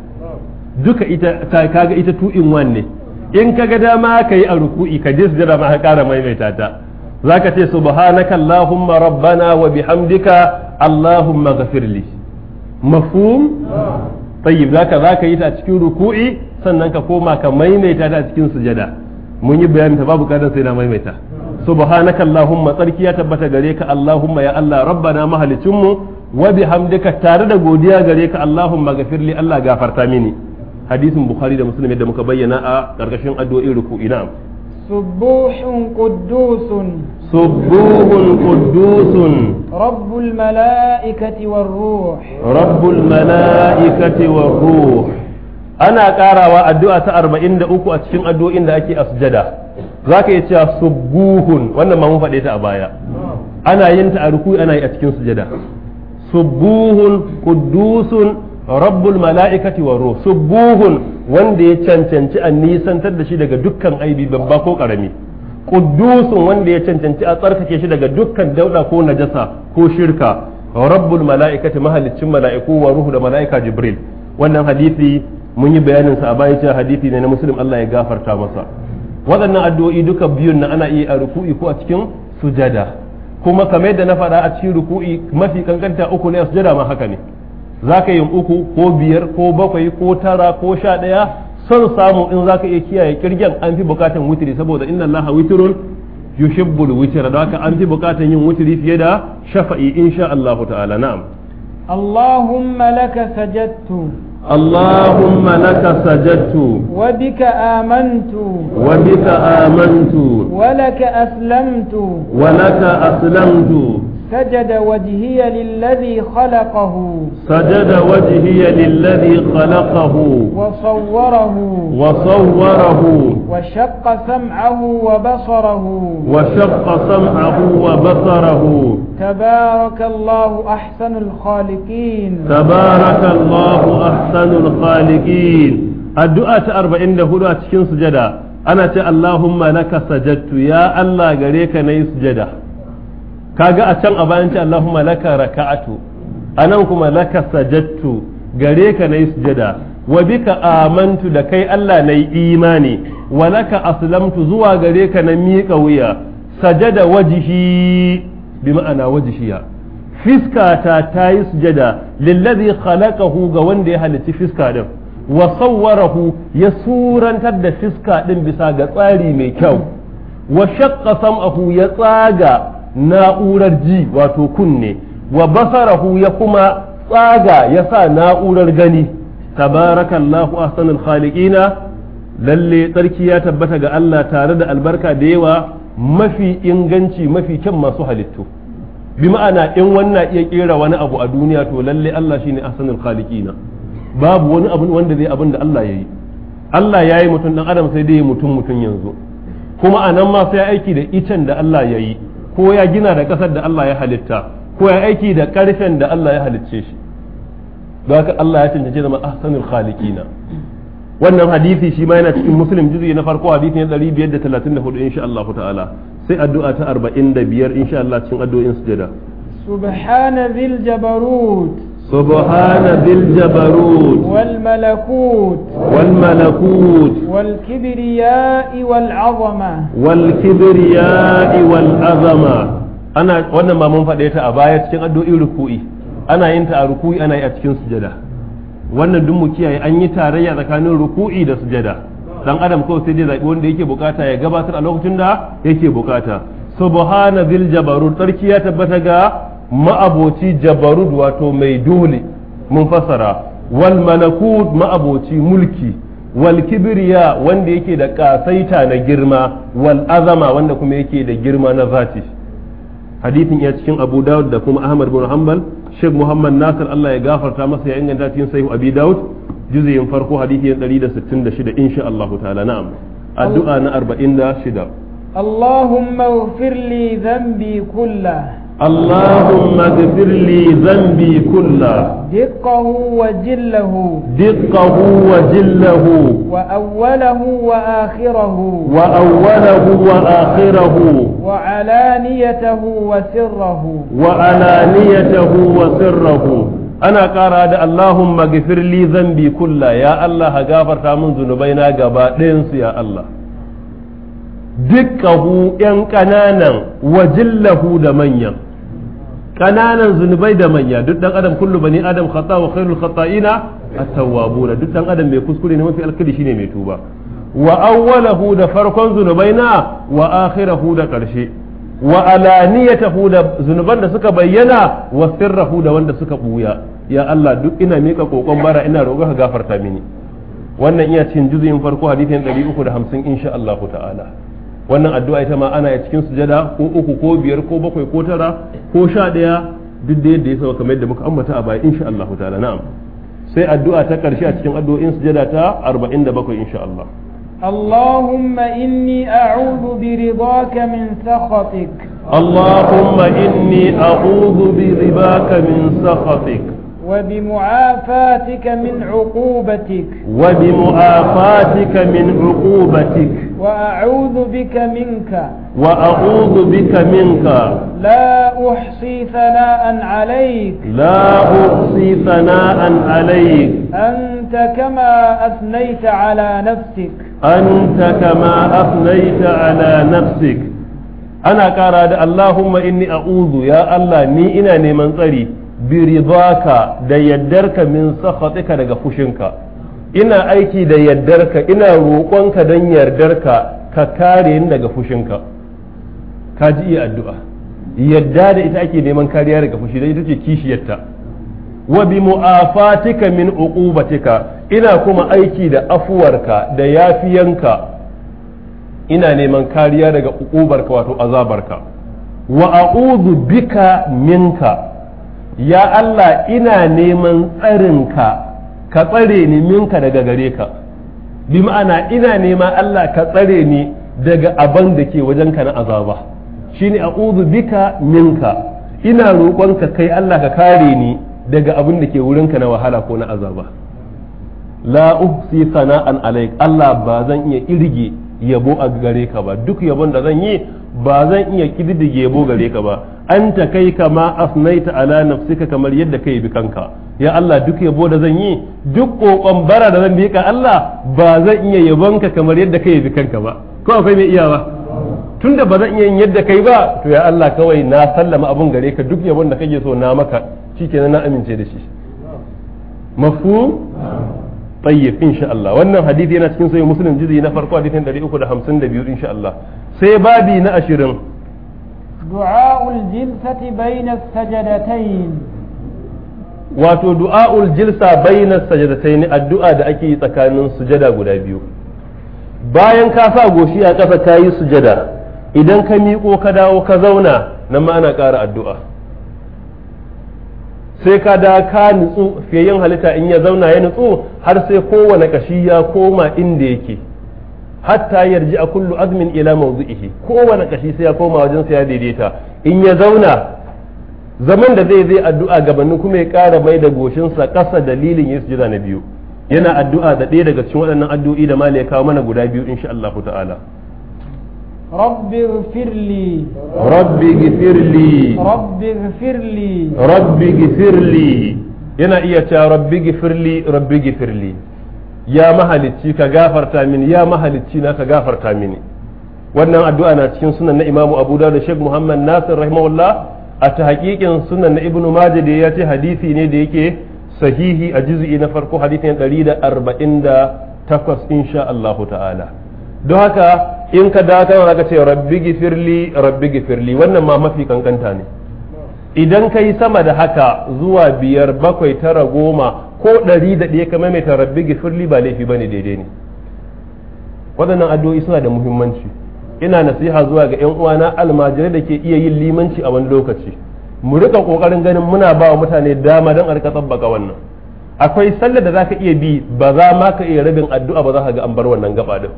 duka ita kaga ita two in one ne in kaga dama ka yi a ruku'i ka je sujada ma ka kara maimaita ta za ka ce subhanaka allahumma rabbana wa bihamdika allahumma ghafirli mafhum tayyib zaka zaka yi ta cikin ruku'i sannan ka koma ka maimaita ta cikin sujada mun yi bayani ta babu kadan sai na maimaita subhanaka allahumma tsarki ya tabbata gare ka allahumma ya allah rabbana mahalicinmu wa bihamdika tare da godiya gare ka allahumma ghafirli allah gafarta mini hadisin bukhari da muslim yadda muka bayyana a karkashin addu'o'in ruku'i na'am سبوح قدوس سبوح قدوس رب الملائكة والروح رب الملائكة والروح ana ƙarawa addu'a ta arba'in da uku a cikin addu'o'in da ake sujada zaka iya cewa subuhun wannan ma mun faɗe ta a baya ana yin a ruku ana yi a cikin sujada subuhun quddusun rabbul mala'ikati wa ruh subuhun wanda ya cancanci a nisantar da shi daga dukkan aibi babba ko karami quddusun wanda ya cancanci a tsarkake shi daga dukkan dauda ko najasa ko shirka rabbul mala'ikati mahalicin mala'iku wa da mala'ika jibril wannan hadisi mun yi bayanin sa a baya cewa hadisi ne na muslim Allah ya gafarta masa waɗannan addu'o'i duka biyun na ana iya a ruku'i ko a cikin sujada kuma kamar da na fada a cikin ruku'i mafi kankanta uku ne a sujada ma haka ne za ka yi uku ko biyar ko bakwai ko tara ko sha ɗaya son samu in za ka iya kiyaye kirgen an fi bukatan witiri saboda inna allaha witirun yushibbul witira da haka an fi bukatan yin witiri fiye da shafa'i insha allahu ta'ala na'am allahumma laka sajadtu bika amantu. Wa bika amantu. وبك آمنت ولك أسلمت ولك أسلمت سجد وجهي للذي خلقه سجد وجهي للذي خلقه وصوره وصوره وشق سمعه وبصره وشق سمعه وبصره تبارك الله أحسن الخالقين تبارك الله أحسن الخالقين الدعاء أربعين هدوء تشين سجدا أنا اللهم لك سجدت يا الله غريك نيس سجدا kaga a can a bayan ce Allahumma laka raka'atu anan kuma laka sajattu gare ka nayi sujada wa bika amantu da kai Allah nayi imani wa laka aslamtu zuwa gare ka na miƙa wuya sajada wajihi bi ma'ana wajihiya fiskata ta yi sujada lillazi khalaqahu ga wanda ya halarci fiska din wa sawwarahu ya surantar da fiska din bisa ga tsari mai kyau wa shaqqa sam'ahu ya tsaga na'urar ji wato kunne wa basarahu ya kuma tsaga ya sa na'urar gani tabarakallahu ahsanul khaliqina lalle tsarki ya tabbata ga Allah tare da albarka da yawa mafi inganci mafi kyan masu halittu bi ma'ana in wannan iya kera wani abu a duniya to lalle Allah shine ahsanul khaliqina babu wani abu wanda zai abin da Allah yayi Allah yayi mutum ɗan adam sai dai mutum mutum yanzu kuma anan ma sai aiki da itan da Allah yayi ko ya gina da ƙasar da Allah ya halitta ko ya aiki da ƙarfen da Allah ya halicce shi don haka Allah ya cancanci zama ahsanul khaliqina wannan hadisi shi ma yana cikin muslim juzuyi na farko hadisi na 534 insha Allah ta'ala sai addu'a ta 45 insha Allah cikin addu'o'in sujada subhana dhil jabarut سبحان ذي الجبروت والملكوت والملكوت والكبرياء والعظمة والكبرياء والعظمة أنا وأنا ما من فديت أبايا تكن أدو ركوعي أنا ينت ركوعي أنا أتكن سجدة وأنا دم كيا أن يتاري ذكان ركوعي ده سجدة dan adam ko sai dai zabi wanda yake bukata ya gabatar a lokacin da yake bukata subhana dhil jabarut sarki ya tabbata ga ma'aboci jabarud wato mai dole mun fassara wal malakut ma'aboci mulki wal kibriya wanda yake da kasaita na girma wal azama wanda kuma yake da girma na zati hadithin ya cikin abu dawud da kuma ahmad bin hanbal sheikh muhammad nasir allah ya gafarta masa ya inganta cikin sahih abi dawud juzayin farko hadithi 166 insha Allah ta'ala na'am addu'a na 46 اللهم اغفر لي ذنبي كله اللهم اغفر لي ذنبي كله دقه وجله دقه وجله وأوله وآخره وأوله وآخره وعلانيته وسره وعلانيته وسره ana ƙara da Allahumma gafir li zambi kulla ya Allah ha gafarta min na gaba ɗayansu ya Allah dukkahu ’yan ƙananan wajillahu da manyan kananan zunubai da manya duk dan adam kullu bani adam khata wa khairul khata'ina at-tawwabuna duk dan adam mai kuskure ne mafi alkali shine mai tuba wa awwalahu da farkon zunubaina wa akhirahu da karshe wa alaniyatahu da zunuban da suka bayyana wa sirrahu da wanda suka buya ya Allah duk ina mika kokon bara ina roƙa ka gafarta mini wannan iya cikin juzuyin farko hadisin 350 insha allahu ta'ala wannan addu'a ita ma ana cikin sujada ko uku ko biyar ko bakwai ko tara ko sha daya duk da yadda ya saba kamar yadda muka ambata a baya insha Allah ta'ala na'am sai addu'a ta karshe a cikin addu'o'in sujada ta 47 insha Allah اللهم إني أعوذ برضاك من سخطك اللهم إني أعوذ برضاك من سخطك وبمعافاتك من عقوبتك وبمعافاتك من عقوبتك وأعوذ بك منك وأعوذ بك منك لا أحصي ثناء عليك لا أحصي ثناء عليك أنت كما أثنيت على نفسك أنت كما أثنيت على نفسك أنا قارد اللهم إني أعوذ يا الله ني إنا نيمان biridaka da yaddarka min sakhatika daga fushinka ina aiki da yaddarka ina roƙonka don yardarka ka kare ni daga fushinka ka ji iya addu'a yadda da ita ake neman kariya daga fushi da ita ce kishiyarta wa bi mu'afatika min uqubatika ina kuma aiki da afuwarka da yafiyanka ina neman kariya daga uqubarka wato azabarka wa a'udhu bika minka ya Allah ina neman tsarinka ka tsare ni minka daga gare ka bi ma'ana ina neman Allah ka tsare ni daga abin da ke wajenka na azaba shine a'udhu bika minka ina roƙonka kai Allah ka kare ni daga abin da ke wurinka na wahala ko na azaba la uhsi sana'an alaik Allah ba zan iya irge yabo a gare ka ba duk yabon da zan yi ba zan iya kididdige yabo gare ka ba anta kai kama asnaita ala nafsika kamar yadda kai bi kanka ya Allah duk yabo da zan yi duk kokon bara da zan bi ka Allah ba zan iya yabonka kamar yadda kai bi kanka ba ko akwai mai iya ba tunda ba zan iya yin yadda kai ba to ya Allah kawai na sallama abun gare ka duk yabon da kake so na maka shikenan na amince da shi mafu tayyib insha Allah wannan hadisi yana cikin sahih muslim juzi na farko hadisin 352 insha Allah sai babi na 20 دعاء الجلسة بين السجدتين wato du'a'ul jilsa sajadatai sajdatain addu'a da ake yi tsakanin sujada guda biyu bayan ka sa goshi a ƙasa ka yi sujada idan ka miƙo ka dawo ka zauna nan ma ana ƙara addu'a sai ka da ka nutsu fiye yin halitta in ya zauna ya nutsu har sai kowane ƙashi ya koma inda yake hatta yarji a kullu azmin ila mawdu'ihi kowane kashi sai ya koma wajen sa ya daidaita in ya zauna zaman da zai zai addu'a gabanin kuma ya kara mai da goshinsa ƙasa dalilin ya jira na biyu yana addu'a da ɗaya daga cikin waɗannan addu'o'i da mala ya kawo mana guda biyu insha Allah ta'ala rabbi gfirli rabbi gfirli rabbi gfirli rabbi gfirli yana iya cewa rabbi gfirli rabbi gfirli ya mahalicci ka gafarta mini ya mahalicci na ka gafarta mini wannan addu'a na cikin sunan na imamu abu da sheikh muhammad nasir rahimahullah a ta hakikin sunan na ibnu majah da ya ce hadisi ne da yake sahihi a juz'i na farko hadisin 148 insha Allah ta'ala don haka in ka dawo kana ka ce rabbi gifirli rabbi gifirli wannan ma mafi kankanta ne idan ka yi sama da haka zuwa biyar bakwai tara goma ko ɗari da ɗaya ka maimaita rabbi gifirli ba laifi ba ne daidai ne waɗannan addu'o'i suna da muhimmanci ina nasiha zuwa ga 'yan uwana almajirai da ke iya yin limanci a wani lokaci mu rika ƙoƙarin ganin muna ba wa mutane dama don a rika tsabbaka wannan akwai sallar da za ka iya bi ba za ma ka iya rabin addu'a ba za ka ga an bar wannan gaba din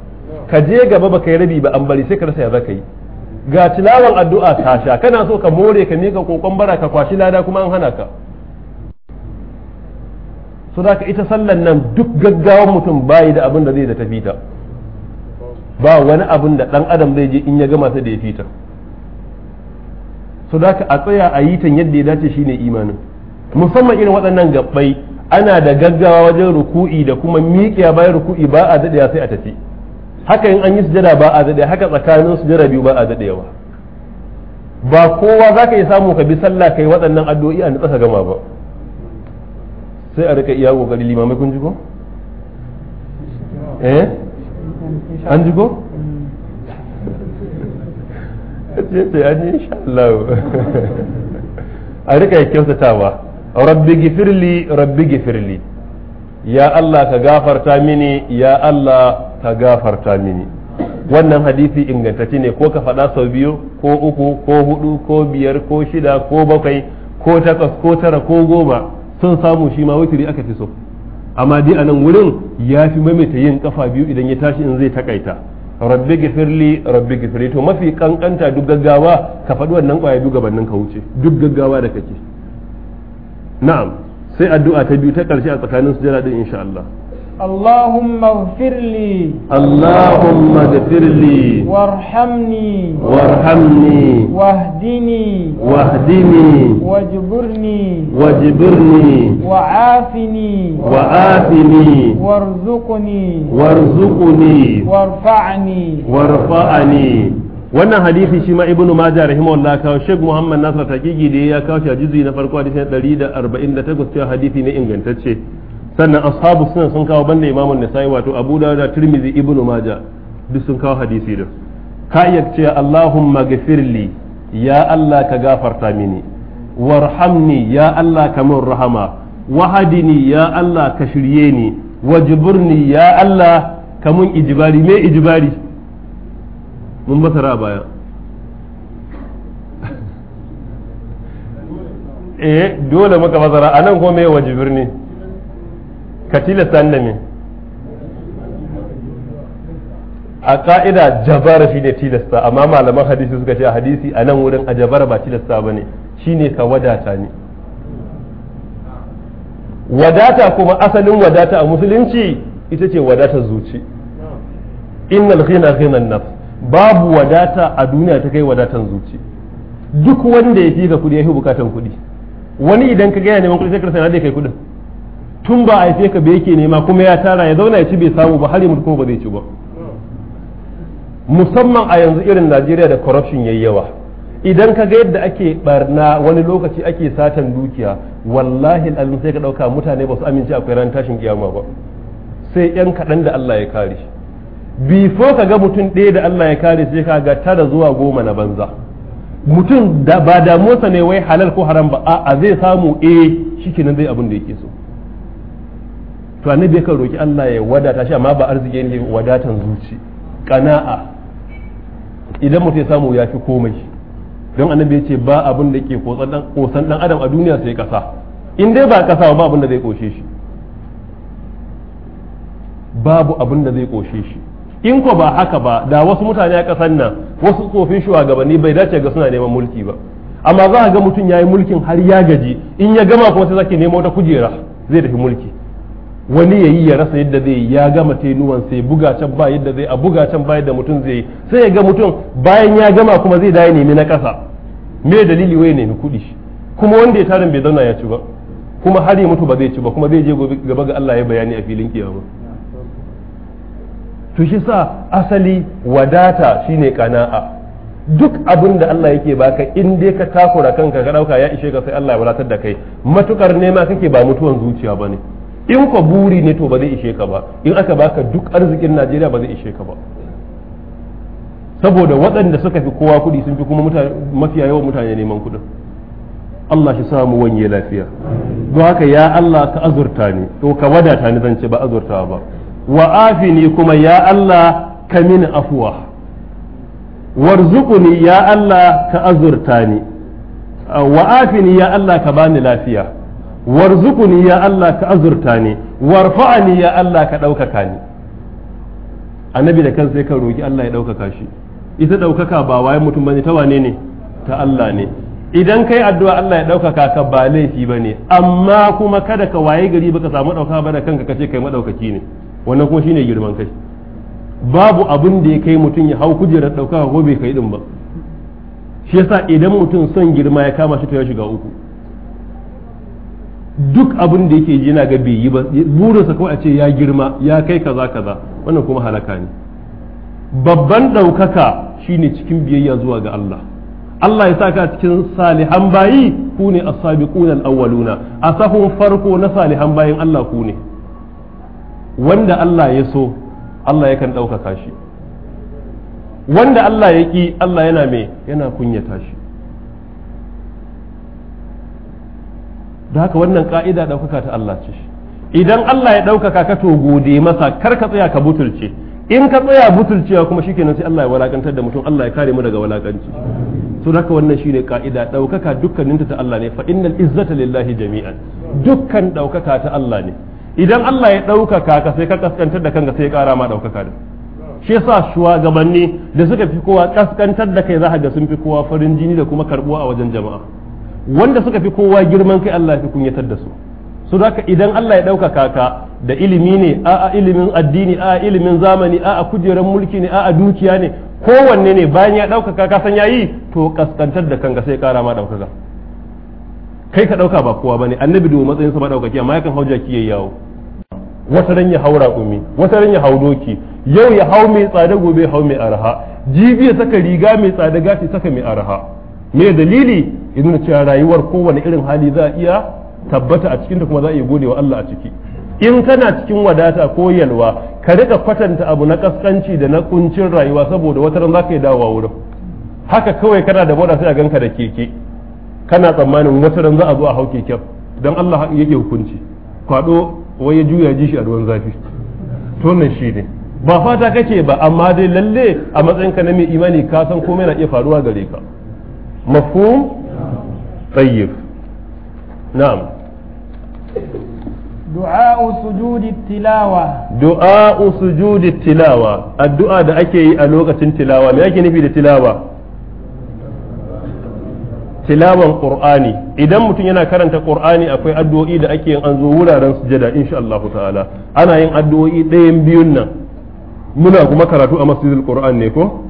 ka je gaba ba ka yi rabi ba an bari sai ka rasa ya zaka yi ga tilawan addu'a ka sha kana so ka more ka mika kokon bara ka kwashi lada kuma an hana ka za ka ita sallan nan duk gaggawan mutum bayi da abin da zai da ta fita ba wani abin da dan adam zai je in ya gama ta da ya fita so a tsaya a yi ta yadda ya dace shine imanin musamman irin waɗannan gabbai ana da gaggawa wajen ruku'i da kuma miƙiya bayan ruku'i ba a daɗe sai a tafi haka in an yi sujada ba a daɗe haka tsakanin sujada biyu ba a daɗewa ba kowa za ka yi samu ka bi sallah kai waɗannan addu'o'i a nutsa ka gama ba sai a rika iya kokari limamai kun jigo eh an jigo ce ce an yi insha Allah a rika kyautatawa rabbi gifirli rabbi gifirli ya Allah ka gafarta mini ya Allah ka gafarta mini wannan hadisi ingantacce ne ko ka faɗa sau biyu ko uku ko hudu ko biyar ko shida ko bakwai ko takwas ko tara ko goma son samu shi ma witiri aka fi so amma dai a nan wurin ya fi mamita yin kafa biyu idan ya tashi in zai takaita rabbi gifirli rabbi gifirli to mafi kankanta duk gaggawa ka faɗi wannan ƙwaya biyu gabanin ka wuce duk gaggawa da kake na'am sai addu'a ta biyu ta ƙarshe a tsakanin sujada din insha Allah اللهم اغفر لي اللهم اغفر لي وارحمني وارحمني واهدني واهدني واجبرني واجبرني وعافني وعافني وارزقني وارزقني وارفعني وارفعني wannan hadisi shi ma ibnu majah rahimahullah kawo sheikh muhammad nasir taqiqi da ya kawo shi a juzuyi na farko hadisi 148 cewa hadisi ne ingantacce sannan ashabu suna sun kawo banda imamun nisa'i wato abu dawuda turmizi ibnu maja duk sun kawo hadisi da ka iya ce allahumma gafirli ya allah ka gafarta mini warhamni ya allah ka min rahama wahadini ya allah ka shirye ni wajburni ya allah ka mun ijibari me ijibari mun basara a baya eh dole muka basara anan ko me wajibir ka tilasta da me a ka'ida jabara shi ne tilasta amma malaman hadisi suka ce a hadisi a nan wurin a jabara ba tilasta ba ne shi ne ka wadata ne wadata kuma asalin wadata a musulunci ita ce wadatar zuci innal ghina ghina nafs babu wadata a duniya ta kai wadatan zuci duk wanda ya fi ka kudi ya fi bukatan kudi wani idan ka gaya neman kudi sai ka sanar da kai kudin tun ba a haife ka ba yake nema kuma ya tara ya zauna ya ci bai samu ba har yi mutu ba zai ci ba musamman a yanzu irin Najeriya da corruption yayi yawa idan ka ga yadda ake barna wani lokaci ake satan dukiya wallahi al'alim sai ka dauka mutane ba su amince akwai ran tashin kiyama ba sai yan kaɗan da Allah ya kare shi bifo ka ga mutum ɗaya da Allah ya kare sai ka ga tara zuwa goma na banza mutum da ba damuwarsa ne wai halal ko haram ba a zai samu eh shikenan zai abin da yake so to annabi yakan roki Allah ya wadata shi amma ba arziki ne wadatan zuci qana'a idan mutum ya samu ya fi komai don annabi ya ce ba abin da ke kosan dan adam a duniya sai kasa in dai ba kasa ba abin da zai koshe shi babu abin da zai koshe shi in ko ba haka ba da wasu mutane a kasan nan wasu tsofin shugabanni bai dace ga suna neman mulki ba amma za ga mutum ya yi mulkin har ya gaji in ya gama kuma sai zake nemo ta kujera zai tafi mulki wani ya yi ya rasa yadda zai ya gama tenuwan sai buga can ba yadda zai a buga can ba yadda mutum zai sai ya ga mutum bayan ya gama kuma zai dai nemi na ƙasa me dalili wai nemi kuɗi kuma wanda ya tarin bai zauna ya ci ba kuma har ya mutu ba zai ci ba kuma zai je gaba ga Allah ya bayani a filin kiyama to shi sa asali wadata shine kana'a duk abin da Allah yake baka in dai ka takura kanka ka dauka ya ishe ka sai Allah ya wadatar da kai matukar nema kake ba mutuwan zuciya bane ne in ko buri ne to ba zai ishe ka ba in aka baka duk arzikin najeriya ba zai ishe ka ba saboda waɗanda suka fi kowa kuɗi sun fi kuma mafiya yawan mutane neman kuɗin Allah shi samu wanye lafiya don haka ya Allah ka azurta ni to ka wadata ni zance ba azurta ba wa afini kuma ya Allah ka mini afuwa warzuquni ya Allah ka azurta ni wa afini ya Allah ka bani lafiya warzuquni ya Allah ka azurta ni warfa'ani ya Allah ka ɗaukaka ni annabi da kansa kan roki Allah ya ɗaukaka shi ita ɗaukaka ba wai mutum bane ta wane ne ta Allah ne idan kai addu'a Allah ya ɗaukaka ka ba laifi bane amma kuma kada ka waye gari baka samu ɗaukaka ba da kanka kace kai madaukaki ne wannan kuma shine girman kai babu abin da ya kai mutum ya hau kujerar ɗaukaka ko bai kai din ba shi yasa idan mutum son girma ya kama shi to ya shiga uku duk abin da yake yana ga bai yi ba burinsa kawai a ce ya girma ya kai kaza kaza wannan kuma halaka ne babban ɗaukaka shine cikin biyayya zuwa ga Allah Allah ya saka cikin salihan bayi ku ne a sabiquna al a sahun farko na salihan bayin Allah ku ne wanda Allah ya so Allah yakan ɗaukaka shi wanda Allah ya ƙi Allah yana me yana kunyata shi da haka wannan ka'ida ɗaukaka ta Allah ce idan Allah ya ɗaukaka ka to gode masa kar ka tsaya ka butulce in ka tsaya butulcewa kuma shikenan sai Allah ya walakantar da mutum Allah ya kare mu daga walakanci to haka wannan shine ka'ida ɗaukaka dukkaninta ta Allah ne fa innal izzata lillahi jami'an dukkan ɗaukaka ta Allah ne idan Allah ya ɗaukaka ka sai ka kaskantar da kanka sai ya ƙara ma ɗaukaka da shi yasa shugabanni da suka fi kowa kaskantar da kai za ga sun fi kowa farin jini da kuma karbuwa a wajen jama'a wanda suka fi kowa girman kai Allah fi kunyatar da su su haka idan Allah ya ɗauka kaka da ilimi ne a ilimin addini a ilimin zamani a kujerar mulki ne a dukiya ne kowanne ne bayan ya dauka kaka san yayi to kaskantar da kanka sai kara ma ɗaukaka kai ka ɗauka ba kowa bane annabi domin matsayin sa ɗaukaki amma yakan hauja ki yawo wata ran ya haura umi wata ran ya hau doki yau ya hau mai tsada gobe hau mai arha jibi ya saka riga mai tsada gashi saka mai arha me dalili ya nuna cewa rayuwar kowane irin hali za a iya tabbata a cikinta kuma za a iya gode wa Allah a ciki in kana cikin wadata ko yalwa ka rika kwatanta abu na kaskanci da na kuncin rayuwa saboda wata ran zaka yi dawowa wurin haka kawai kana da boda sai a ganka da keke kana tsammanin wata ran za a zo a hau keken dan Allah yake hukunci kwado wai ya juya ji shi a ruwan zafi to nan shi ne ba fata kake ba amma dai lalle a matsayinka na mai imani ka san komai na iya faruwa gare ka mafhum طيب نعم دعاء سجود التلاوة da ake yi a lokacin tilawa me ake nufi da tilawa tilawan qur'ani idan mutum yana karanta qur'ani akwai addu'o'i da ake yin an zo wuraren sujada insha Allah ta'ala ana yin addu'o'i ɗayan biyun nan muna kuma karatu a masjidil qur'an ne ko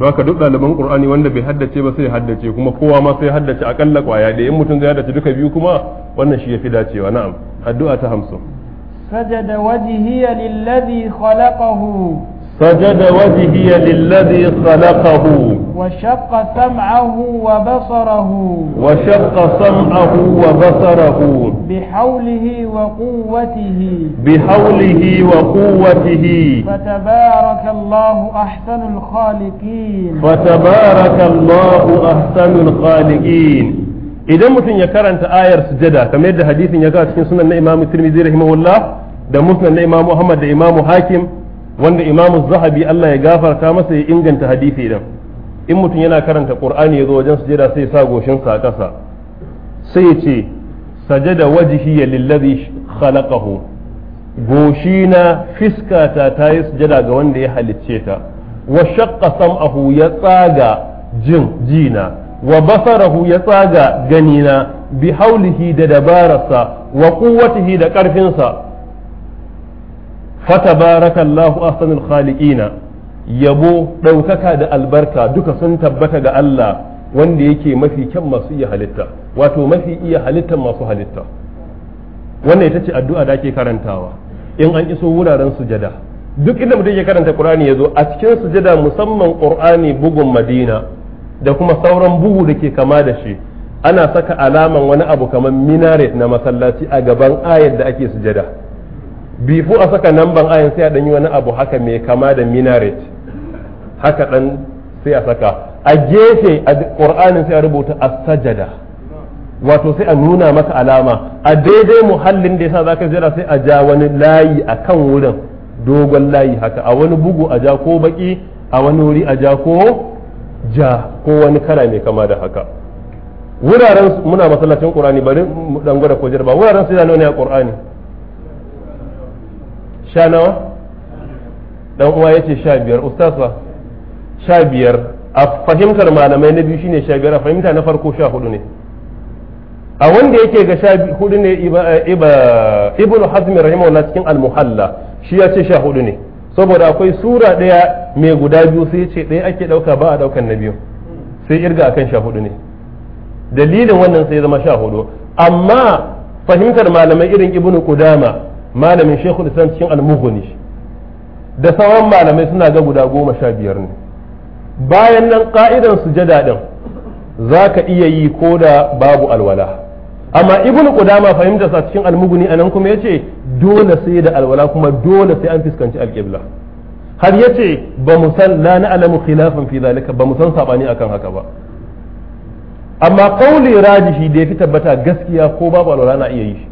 don haka duk ɗaliban qur'ani wanda bai haddace ba sai haddace kuma kowa ma sai haddace akalla kwaya da in mutum zai haddace duka biyu kuma wannan shi yafi dacewa na'am addu'a ta hamsin sajada wajhiya lillazi khalaqahu سجد وجهي للذي خلقه وشق سمعه وبصره وشق سمعه وبصره بحوله وقوته بحوله وقوته فتبارك الله أحسن الخالقين فتبارك الله أحسن الخالقين إذا مثل أنت آير سجدة كما يدى حديث يكرن سنة الإمام الترمذي رحمه الله ده مثل الإمام محمد الإمام حاكم wanda imamu zahabi Allah ya gafarta masa ya inganta hadisi din in mutum yana karanta qur'ani ya zo wajen sujada sai ya sa sa a ƙasa sai ya ce sajada wajhi lillazi khalaqahu na fiskata ta yi sujada ga wanda ya halicce ta wa shaqqa sam'ahu ya tsaga jin jina wa basarahu ya tsaga ganina bi haulihi da dabararsa wa quwwatihi da karfinsa. fatabarakallahu ahsanul khaliqina yabo ɗaukaka da albarka duka sun tabbata ga Allah wanda yake mafi kyan masu iya halitta wato mafi iya halitta masu halitta wanda ita ce addu'a da ake karantawa in an iso wuraren sujada duk inda mu ya karanta qur'ani yazo a cikin sujada musamman qur'ani bugun madina da kuma sauran bugu da ke kama da shi ana saka alaman wani abu kamar minaret na masallaci a gaban ayar da ake sujada bifu a saka namban ayan sai a dan wani abu haka mai kama da minaret haka ɗan sai a saka a gefe a ƙor'anin sai a rubuta a sajada wato sai a nuna maka alama a daidai muhallin da ya yasa ka jira sai a ja wani layi a kan wurin dogon layi haka a wani bugu a ja ko baki a wani wuri a ja ko ja ko wani kara mai kama da haka wuraren muna masallacin qur'ani bari mu dan gwada ko jarba wuraren sai da nuna ya qur'ani sha nawa dan uwa yace sha biyar ustaz sha biyar a fahimtar malamai na biyu shine sha biyar a fahimta na farko sha hudu ne a wanda yake ga sha hudu ne ibnu hazm rahimahullah cikin al-muhalla shi ya ce sha hudu ne saboda akwai sura daya mai guda biyu sai ce daya ake dauka ba a daukan na biyu sai irga akan sha hudu ne dalilin wannan sai zama sha hudu amma fahimtar malamai irin ibnu qudama malamin shekul islam cikin almughni da sauran malamai suna ga guda goma sha biyar ne bayan nan ka'idan sujada din za ka iya yi ko da babu alwala amma ibn qudama fahimta sa cikin almuguni anan kuma yace dole sai da alwala kuma dole sai an fuskanci alqibla har yace ba mu san la na'lamu khilafan fi zalika ba mu san sabani akan haka ba amma qauli rajihi da ya fi tabbata gaskiya ko babu alwala na iya yi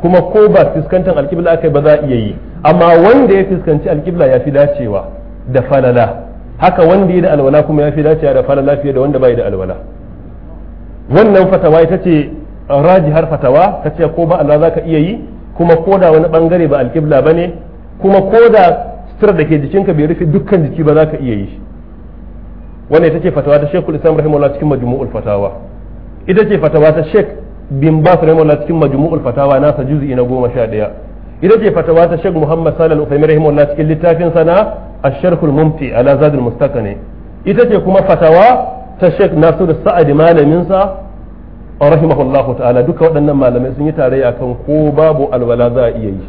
kuma ko ba fuskantar alkibla aka ba za a iya yi amma wanda ya fuskanci alkibla ya fi dacewa da falala haka wanda ya da alwala kuma ya fi dacewa da falala fiye da wanda bai da alwala wannan fatawa ita ce raji har fatawa ta ce ko ba Allah za ka iya yi kuma ko da wani bangare ba alƙibla ba ne kuma ko da sutura da ke jikinka bai rufe dukkan jiki ba za ka iya yi shi wannan ita ce fatawa ta shekul islam rahimahullah cikin majmu'ul fatawa ita ce fatawa ta shek bin ba su rahimahullah cikin majmu'ul fatawa nasa juz'i na goma sha ɗaya ita ce fatawa ta shek muhammad salal ufaimi rahimahullah cikin littafin sana asharhul mumti ala mustaka ne ita ce kuma fatawa ta shek nasiru sa'adi malamin sa rahimahullahu ta'ala duka waɗannan malamai sun yi tarayya kan ko babu alwala za a iya yi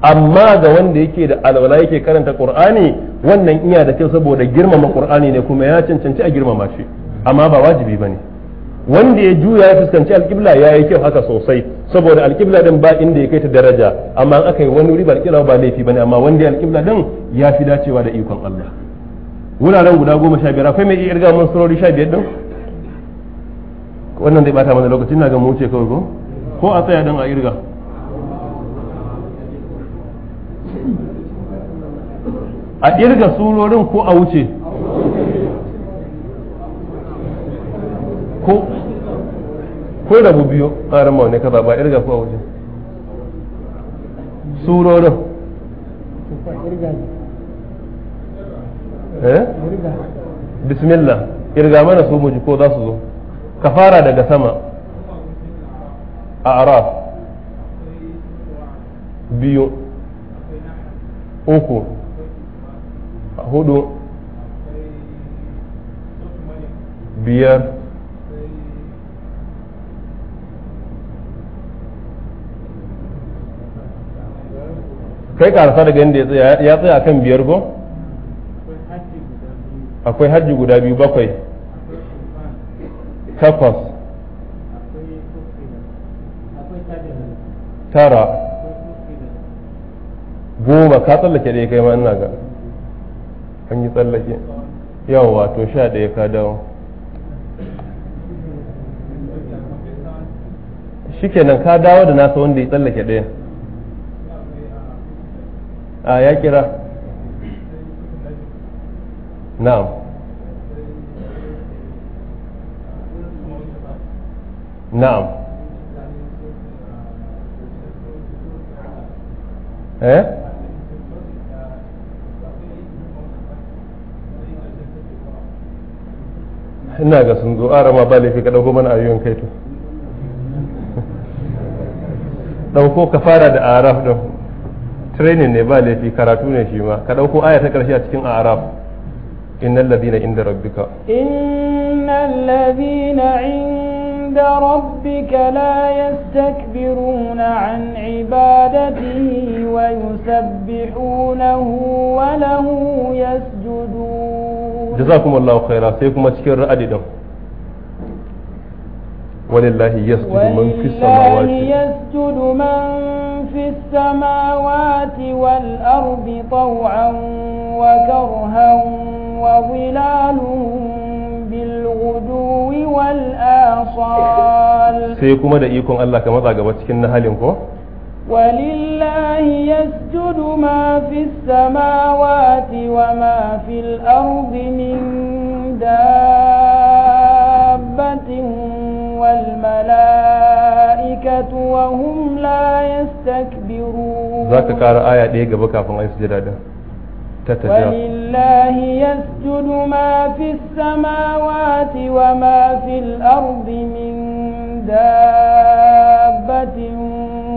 amma ga wanda yake da alwala yake karanta qur'ani wannan iya da kyau saboda girmama qur'ani ne kuma ya cancanci a girmama shi amma ba wajibi bane wanda ya juya ya fuskanci alƙibla ya yi kyau haka sosai saboda alƙibla din ba inda ya kai ta daraja amma aka yi wani wuri ba alƙibla ba laifi ne amma wanda ya alƙibla din ya fi dacewa da ikon Allah wuraren guda goma sha biyar akwai mai iya irga mun surori sha biyar din wannan zai bata mana lokacin na ga mu ce kawai ko ko a tsaya don a irga a irga surorin ko a wuce ko ko rabu biyu a ran mawane kaza ba irga ko a wajen surorin eh bismillah irga mana su muji ko za su zo ka fara daga sama a araf biyu uku hudu biyar kai rasa daga inda ya tsaya akan biyar go akwai hajji guda biyu bakwai takwas tara goma ka tsallake da ya kai ma ina ga an yi tsallake yawa wato sha ɗaya ka dawo shikenan ka dawo da nasa wanda ya tsallake ɗaya a ya kira na'am na'am eh ina ga sun zo arama ba laifi ka ɗauko mana ayyukan kai to ɗauko ka fara da araf ɗin training ne ba laifi karatu ne shi ma ka ɗauko aya ta ƙarshe a cikin araf innal ladina inda rabbika innal ladina inda rabbika la yastakbiruna an ibadatihi wa yusabbihunahu wa lahu yasjudun jazakumullahu khaira sai kuma cikin ra'adi din ولله يسجد من في السماوات ولله يسجد من في السماوات والأرض طوعا وكرها وظلالهم بالغدو والآصال سيكون دعيكم الله كما تعقبت كنا هالينكم ولله يسجد ما في السماوات وما في الأرض من دابة والملائكة وهم لا يستكبرون ذاك قرأ آية دي قبل كافن أي سجدة ده تتجاه ولله يسجد ما في السماوات وما في الأرض من دابة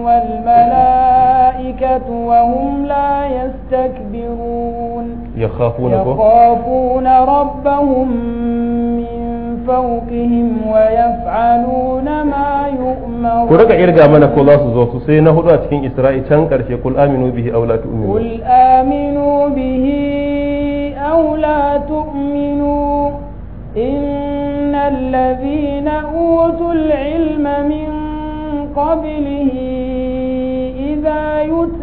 والملائكة وهم لا يستكبرون يخافون يخافون ربهم فوقهم ويفعلون ما يؤمرون كرك إرجع منك الله سبحانه سينا هدوة تكين إسرائيل تنكر في قل آمنوا به أو لا تؤمنوا قل آمنوا به أو لا تؤمنوا إن الذين أوتوا العلم من قبله إذا يتلى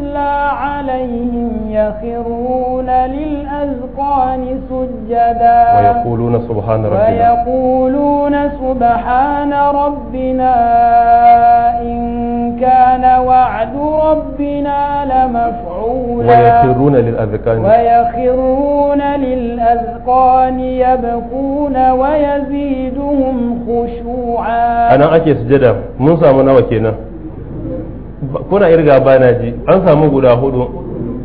عليهم يخرون للأذقان سجدا ويقولون سبحان ربنا ويقولون سبحان ربنا إن كان وعد ربنا لمفعولا ويخرون للأذقان ويخرون للأذقان يبكون ويزيدهم خشوعا أنا أكي سجدا موسى وكينا kuna irga bana ji an samu guda hudu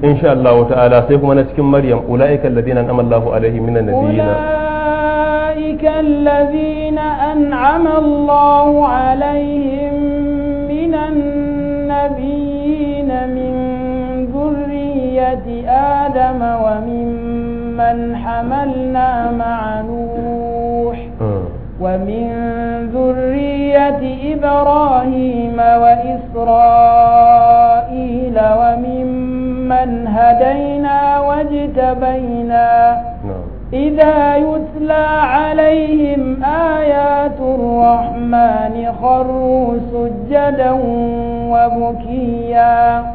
insha Allah ta'ala sai kuma na cikin Maryam ulaika alladhina an'ama Allahu alaihim minan nabiyina ulaika alladhina an'ama Allahu alaihim minan nabiyina min dhurriyyati adam wa mimman hamalna ma'a nuh ومن hmm. مِلَّةِ إِبْرَاهِيمَ وَإِسْرَائِيلَ وَمِمَّنْ هَدَيْنَا وَاجْتَبَيْنَا إِذَا يُتْلَى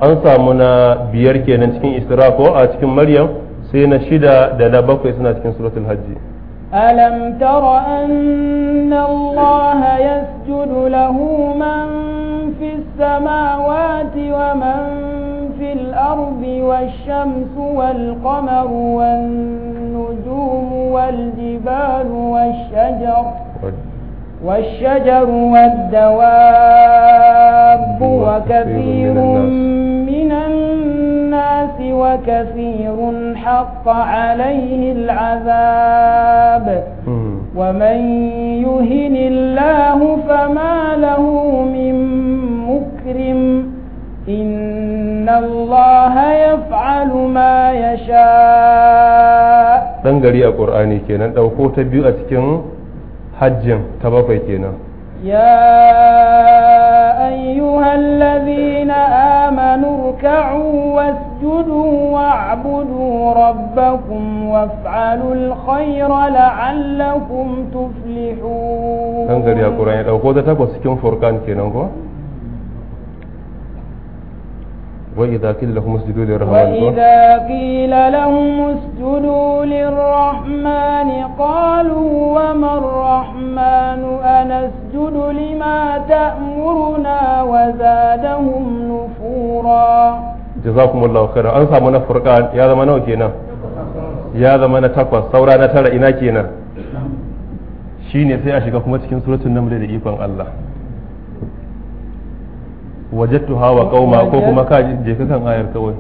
an samu na biyar kenan cikin isra ko a cikin maryam sai na shida da na bakwai suna cikin suratul hajji ألم تر أن الله يسجد له من في السماوات ومن في الأرض والشمس والقمر والنجوم والجبال والشجر والشجر والدواب وكثير من الناس وكثير حق عليه العذاب ومن يهن الله فما له من مكرم إن الله يفعل ما يشاء دنگري القرآن كينا دوكو تبيو أتكين hajjin ta bakwai kenan ya ayyuhal ladina amanu ruk'u wasjudu wa'budu rabbakum waf'alul kaira la'allakum tuflihun kan gari a ya dauko ta takwas cikin furkan kenan ko وإذا قيل لهم اسجدوا للرحمن وإذا قيل لهم اسجدوا للرحمن قالوا وما الرحمن أنسجد لما تأمرنا وزادهم نفورا جزاكم الله خيرا أنسى من فرقان يا ذا منو كينا يا ذا من تقوى سورة نترى إنا كينا shine sai a shiga kuma cikin suratul naml da ikon Allah وجدتها وقوما قوما كاجيك كان غير كوي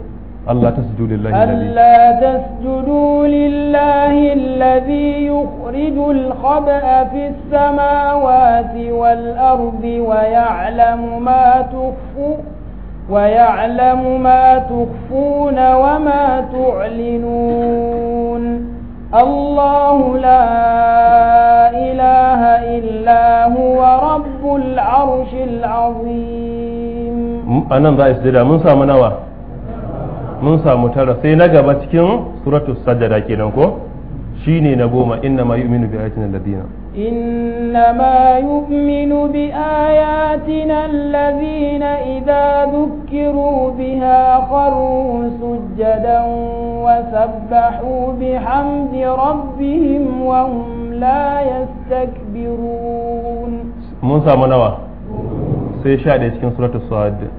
الله تسجد لله الا تسجدوا لله الذي يخرج الخبا في السماوات والارض ويعلم ما تخفون ويعلم ما تخفون وما تعلنون الله لا اله الا هو رب العرش العظيم a nan za a sujada mun samu nawa mun samu tara sai na gaba cikin suratu sajjada kenan ko shine na goma inna ma yu'minu bi ayatina alladhina inna ma yu'minu bi ayatina alladhina idza dhukiru biha kharu sujjadan wa sabbahu bihamdi rabbihim wa hum la yastakbirun mun samu nawa sai sha daya cikin suratul sad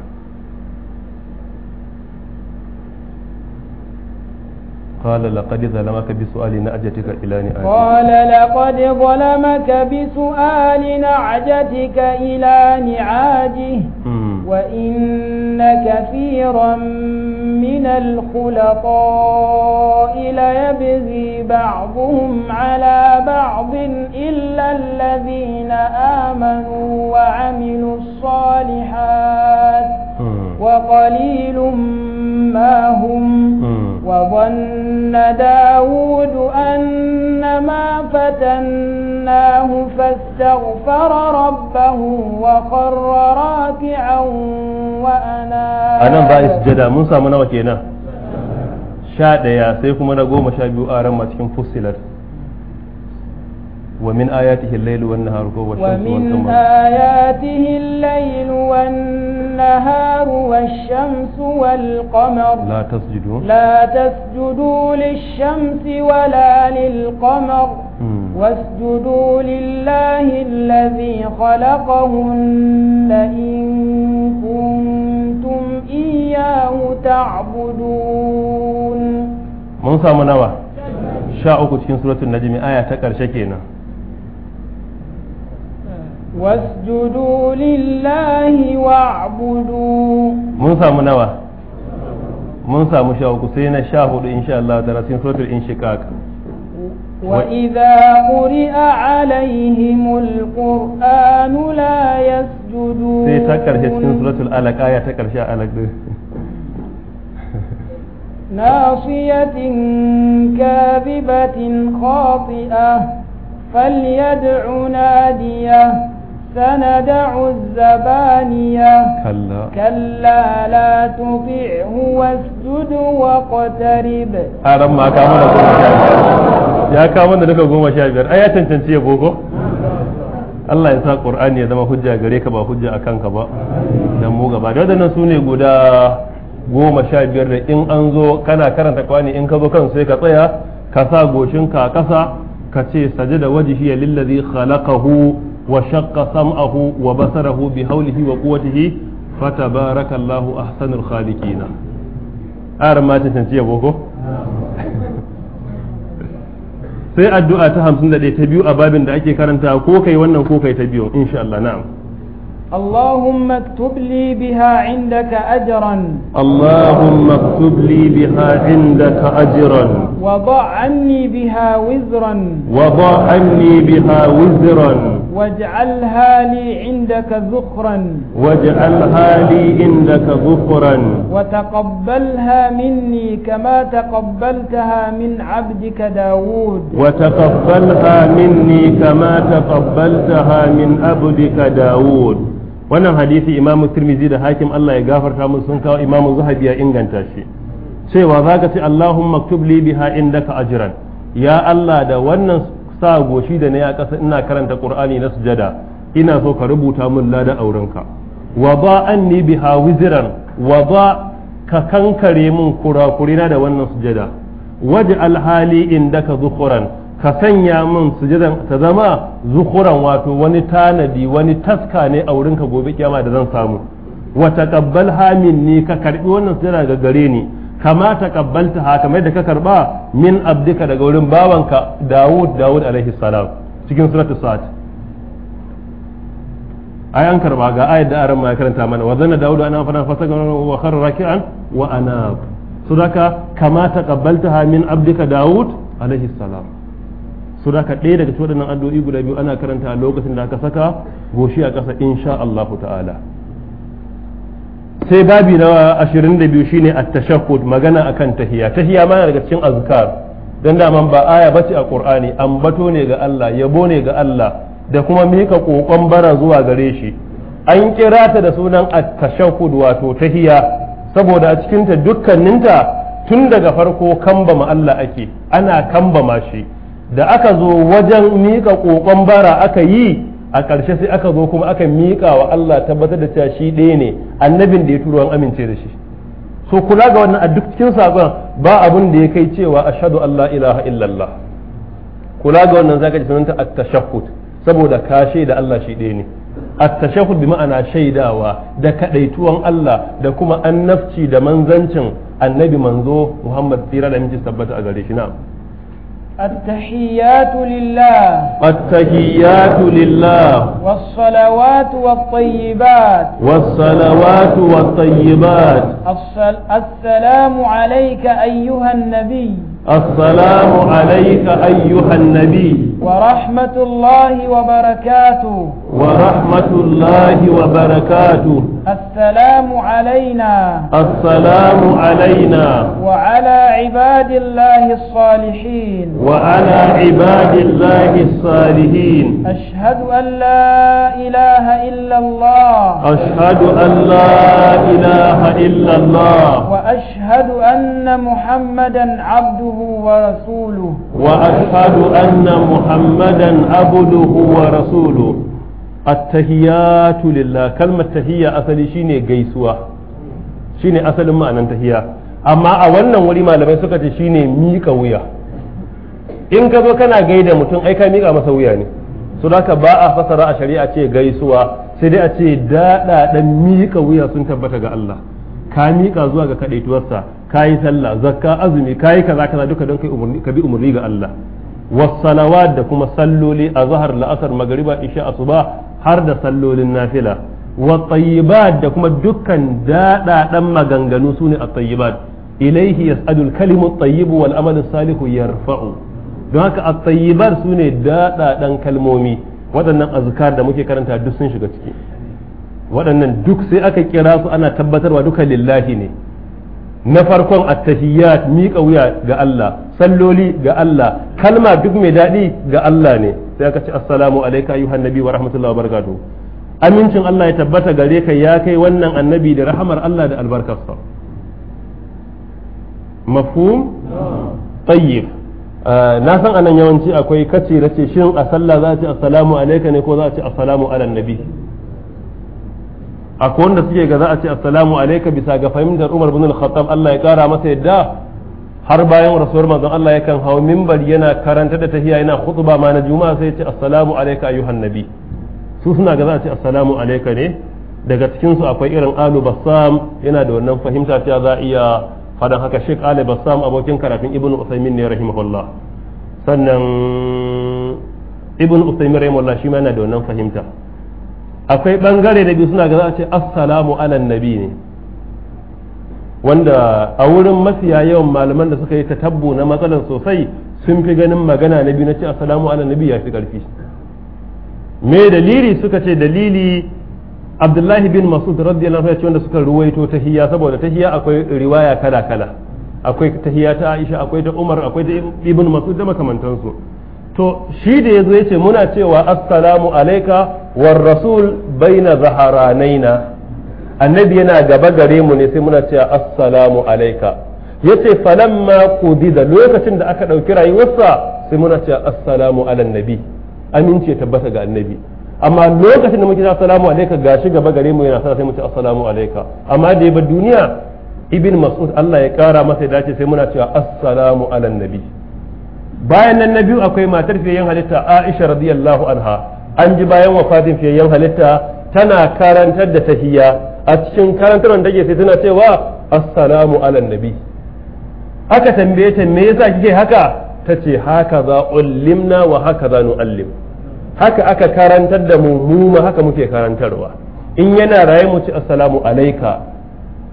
قال لقد ظلمك بسؤال نعجتك إلى نعاجه قال لقد ظلمك بسؤال نعجتك إلى نعاجه وإن كثيرا من الخلطاء ليبغي بعضهم على بعض إلا الذين آمنوا وعملوا الصالحات وقليل ما هم وظن داود أن ما فتناه فاستغفر ربه وخر راكعا وأنا أنا بأس جدا موسى منوكينا شاد يا سيكم أنا قوم شابي وآرم ما تكون فصلت ومن آياته الليل والنهار ومن آياته الليل والنهار والشمس والقمر لا تسجدوا لا تسجدوا للشمس ولا للقمر م. واسجدوا لله الذي خلقهن إن كنتم إياه تعبدون من سامنا شاء أكتشين سورة النجم آية تكر شكينا wasjudu lillahi wa'budu mun samu nawa mun samu sha uku sai na sha hudu insha Allah وإذا قرئ عليهم القرآن لا يسجدون سي تكر شكين سورة الألق آية تكر شاء ألق ناصية كاذبة خاطئة فليدع ناديه سندع الزبانية كلا كلا لا تطعه واسجد واقترب أرم ما كامل يا كامل لك قوم شابير أيا تنتنسي بوكو Allah ya sa Qur'ani ya zama hujja gare ka ba hujja a kanka ba dan mu gaba da wadannan su ne guda goma sha biyar da in an zo kana karanta kwani in ka zo kan sai ka tsaya ka sa goshin ka ƙasa ka ce sajada wajhi lillazi khalaqahu وشق سمعه وبصره بحوله وقوته فتبارك الله أحسن الخالقين أرما تنتهي بوكو sai addu'a ta hamsin da ɗaya ta biyu a babin da ake karanta ko kai wannan ko kai ta biyu insha Allah na'am اللهم اكتب لي بها عندك أجرا اللهم اكتب لي بها عندك أجرا وضع عني بها وزرا وضع عني بها وزرا واجعلها لي عندك ذخرا واجعلها لي عندك ذخرا وتقبلها مني كما تقبلتها من عبدك داود وتقبلها مني كما تقبلتها من عبدك داود wannan hadisi imam tirmizi da hakim Allah ya gafarta mun sun kawo imam zahabi ya inganta shi cewa zaka ce allahumma maktub li biha indaka ajran ya Allah da wannan sa goshi da na ya ƙasa ina karanta qur'ani na sujada ina so ka rubuta min lada aurenka wa ba anni biha wizran wa ba ka kankare min kurakurina da wannan sujada waje alhali indaka zukuran ka sanya min sujadan ta zama zukuran wato wani tanadi wani taska ne a wurinka gobe kiyama da zan samu wa taqabbal hamin ne ka karbi wannan sujada ga gare ni kama taqabbalta ha kamar da ka karba min abdika daga wurin bawanka Dawud Dawud alaihi salam cikin suratul sa'at ai an karba ga ayat da aran mai karanta mana wa zanna Dawud ana fa fasaga wa kharra raki'an wa ana sudaka kama taqabbalta ha min abdika Dawud alaihi salam sudaka ɗaya daga cikin waɗannan addu'o'i guda biyu ana karanta a lokacin da aka saka goshi a ƙasa insha Allah ta'ala sai babi na 22 shine at-tashahhud magana akan tahiyya tahiyya ma daga cikin azkar dan da man ba aya bace a qur'ani ambato ne ga Allah yabo ne ga Allah da kuma mika kokon bara zuwa gare shi an kira ta da sunan at-tashahhud wato tahiyya saboda a cikin ta dukkaninta tun daga farko kambama Allah ake ana kambama shi da aka zo wajen mika kokon bara aka yi a ƙarshe sai aka zo kuma aka miƙa wa Allah tabbatar da cewa shi ɗaya ne annabin da ya turo an amince da shi so kula ga wannan a duk cikin saƙon ba abun da ya kai cewa ashhadu Allah ilaha illallah kula ga wannan zaka ji sunanta at-tashahhud saboda ka shaida Allah shi ɗaya ne at-tashahhud bi ma'ana shaidawa da kadaituwan Allah da kuma annabci da manzancin annabi manzo Muhammad tsira da miji tabbatar a gare shi na'am التحيات لله التحيات لله والصلوات والطيبات والصلوات والطيبات السلام عليك أيها النبي السلام عليك أيها النبي ورحمة الله وبركاته ورحمة الله وبركاته السلام علينا السلام علينا وعلى عباد الله الصالحين وعلى عباد الله الصالحين أشهد أن لا إله إلا الله أشهد أن لا إله إلا الله وأشهد أن محمدا عبده عبده ورسوله وأشهد أن محمدا عبده ورسوله التهيات لله كلمة تهية أصلي شيني قيسوا شيني أصل ما أن تهية أما أولا ولما لم يسكت شيني ميكا ويا إن كذو كان قيدا متن أي كان ميكا مسويا masa wuya ne so da ba sai a ce da ɗan miƙa wuya sun tabbata ga Allah ka miƙa zuwa ga kaɗaituwarsa kayi sallah zakka azumi kayi kaza kaza duka don kai umurni ka bi umurni ga Allah wassalawat da kuma salloli a zahar la'asar magariba isha asuba har da sallolin nafila wa tayyibat da kuma dukkan daɗaɗan maganganu sune a tayyibat ilaihi yas'adul kalimu tayyib wal amalu salihu yarfa'u don haka a tayyibat sune daɗaɗan kalmomi waɗannan azkar da muke karanta duk sun shiga ciki waɗannan duk sai aka kira su ana tabbatarwa duka lillahi ne na farkon attahiyat miƙa wuya ga Allah salloli ga Allah kalma duk mai daɗi ga Allah ne sai aka ce assalamu alayka ayyuhan nabi wa rahmatullahi wa barakatuh amincin Allah ya tabbata gare ka ya kai wannan annabi da rahamar Allah da albarkarsa mafhum tayyib ah, na san anan yawanci akwai kace race shin a sallah za a ce assalamu alayka ne ko za a ce assalamu ala nabi akwai wanda suke ga za a ce assalamu alaika bisa ga fahimtar Umar bin Al-Khattab Allah ya kara masa yadda har bayan rasuwar manzon Allah yakan hawo mimbar yana karanta da tahiya yana khutba ma na juma'a sai ya ce assalamu alaika ayyuhan nabi su suna ga za a ce assalamu alaika ne daga cikin su akwai irin Alu Bassam yana da wannan fahimta cewa za iya fadan haka Sheikh Ali Bassam abokin karatun Ibn Usaymin ne rahimahullah sannan Ibn Usaymin rahimahullah shi ma yana da wannan fahimta akwai bangare da biyu suna ga za a ce assalamu ala nabi ne wanda a wurin mafiya yawan malaman da suka yi ta tabbu na matsalar sosai sun fi ganin magana na biyu na ce assalamu ala nabi ya fi karfi me dalili suka ce dalili abdullahi bin masud radiyallahu anhu ya ce wanda suka ruwaito tahiyya saboda tahiyya akwai riwaya kala kala akwai tahiyya ta aisha akwai ta umar akwai ta ibn masud da makamantansu to shi da ya zo ya ce muna cewa assalamu alaika, war rasul baina zaharanaina annabi yana gaba gare mu ne sai muna cewa assalamu alaika. alayka yace falamma qudida lokacin da aka ɗauki rayuwarsa sai muna cewa assalamu ala nabi amince tabbata ga annabi amma lokacin da muke cewa assalamu ga gashi gaba gare mu yana sai mu ce assalamu alaika. amma da ya ba duniya ibn mas'ud Allah ya kara masa ya dace sai muna cewa assalamu ala nabi bayan nan na biyu akwai matar fiyayyen halitta Aisha radiyallahu anha an ji bayan wafatin fiyayyen halitta tana karantar da tahiyya a cikin karantar da take sai tana cewa assalamu ala nabi aka tambaye ta me yasa kike haka tace haka za ullimna wa haka za nu'allim haka aka karantar da mu mu ma haka muke karantarwa in yana raye mu ci assalamu alayka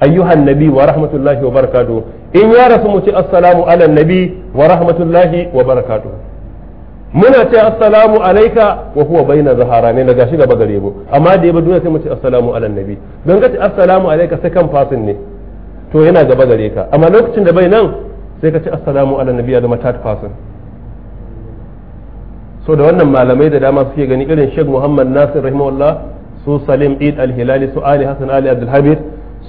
ayyuhan nabi wa rahmatullahi wa barakatuh in ya rasu mu ce assalamu ala nabi wa rahmatullahi wa barakatu muna ce assalamu alaika wa huwa bayna zahara ne daga shi gaba gare mu amma da yaba duniya sai mu ce assalamu ala nabi don ka ce assalamu alaika kan fasin ne to yana gaba gare ka amma lokacin da bai nan sai ka ce assalamu ala nabi ya zama tat fasin. so da wannan malamai da dama suke gani irin Sheikh Muhammad Nasir rahimahullah su Salim Eid al-Hilali su Ali Hassan Ali Abdul Habib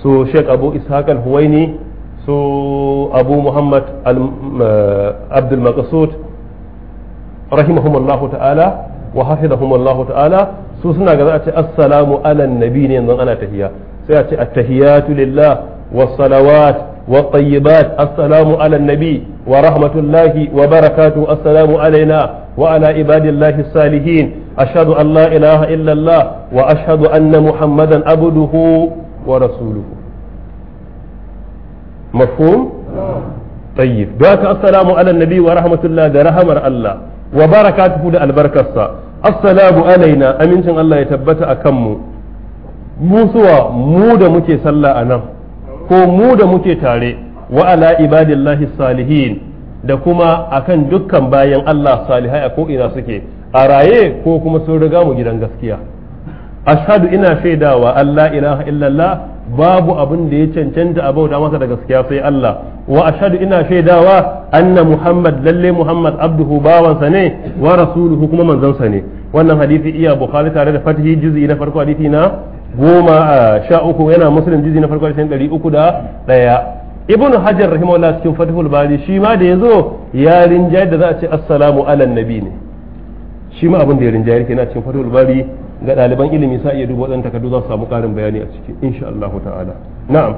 su Sheikh Abu Ishaq al-Huwaini su abu muhammad abdulmakasud rahimahumallahu ta'ala wa hafizahumallahu ta'ala su suna ga za a ce assalamu ala nabi ne yanzu ana tahiya sai a ce attahiyatu lillah wa wa tayyibat assalamu ala nabi wa rahmatullahi wa barakatu assalamu alaina wa ala ibadillahi salihin ashhadu an la ilaha illallah wa ashhadu anna muhammadan abduhu wa rasuluhu mafhum tayyib don haka assalamu wa rahmatullah da rahamar Allah wa barakatuhu da albarkarsa assalamu alaina amincin Allah ya tabbata akan kanmu mu suwa mu da muke sallah a nan ko mu da muke tare wa'ala ibadillahi salihin da kuma akan dukkan bayan Allah salihai a ko ina suke a raye ko kuma sun riga mu gidan gaskiya ashhadu ina shaidawa Allah ilaha illallah babu abin da ya cancanta a bauta masa da gaskiya sai Allah wa ashhadu ina shaidawa anna Muhammad lalle Muhammad abduhu bawansa ne wa rasuluhu kuma manzansa ne wannan hadisi iya Bukhari tare da Fatihi juz'i na farko hadisi na goma sha uku yana Muslim juz'i na farko hadisi ɗari uku da ɗaya Ibn Hajar rahimahullah cikin Fatihul Bari shi ma da yazo ya rinjaye da za a ce assalamu ala nabi ne shi ma abin da ya rinjaye na cikin Fatihul Bari ga ɗaliban ilimi sa iya duba waɗannan takardu za su samu ƙarin bayani a ciki insha Allah ta'ala na'am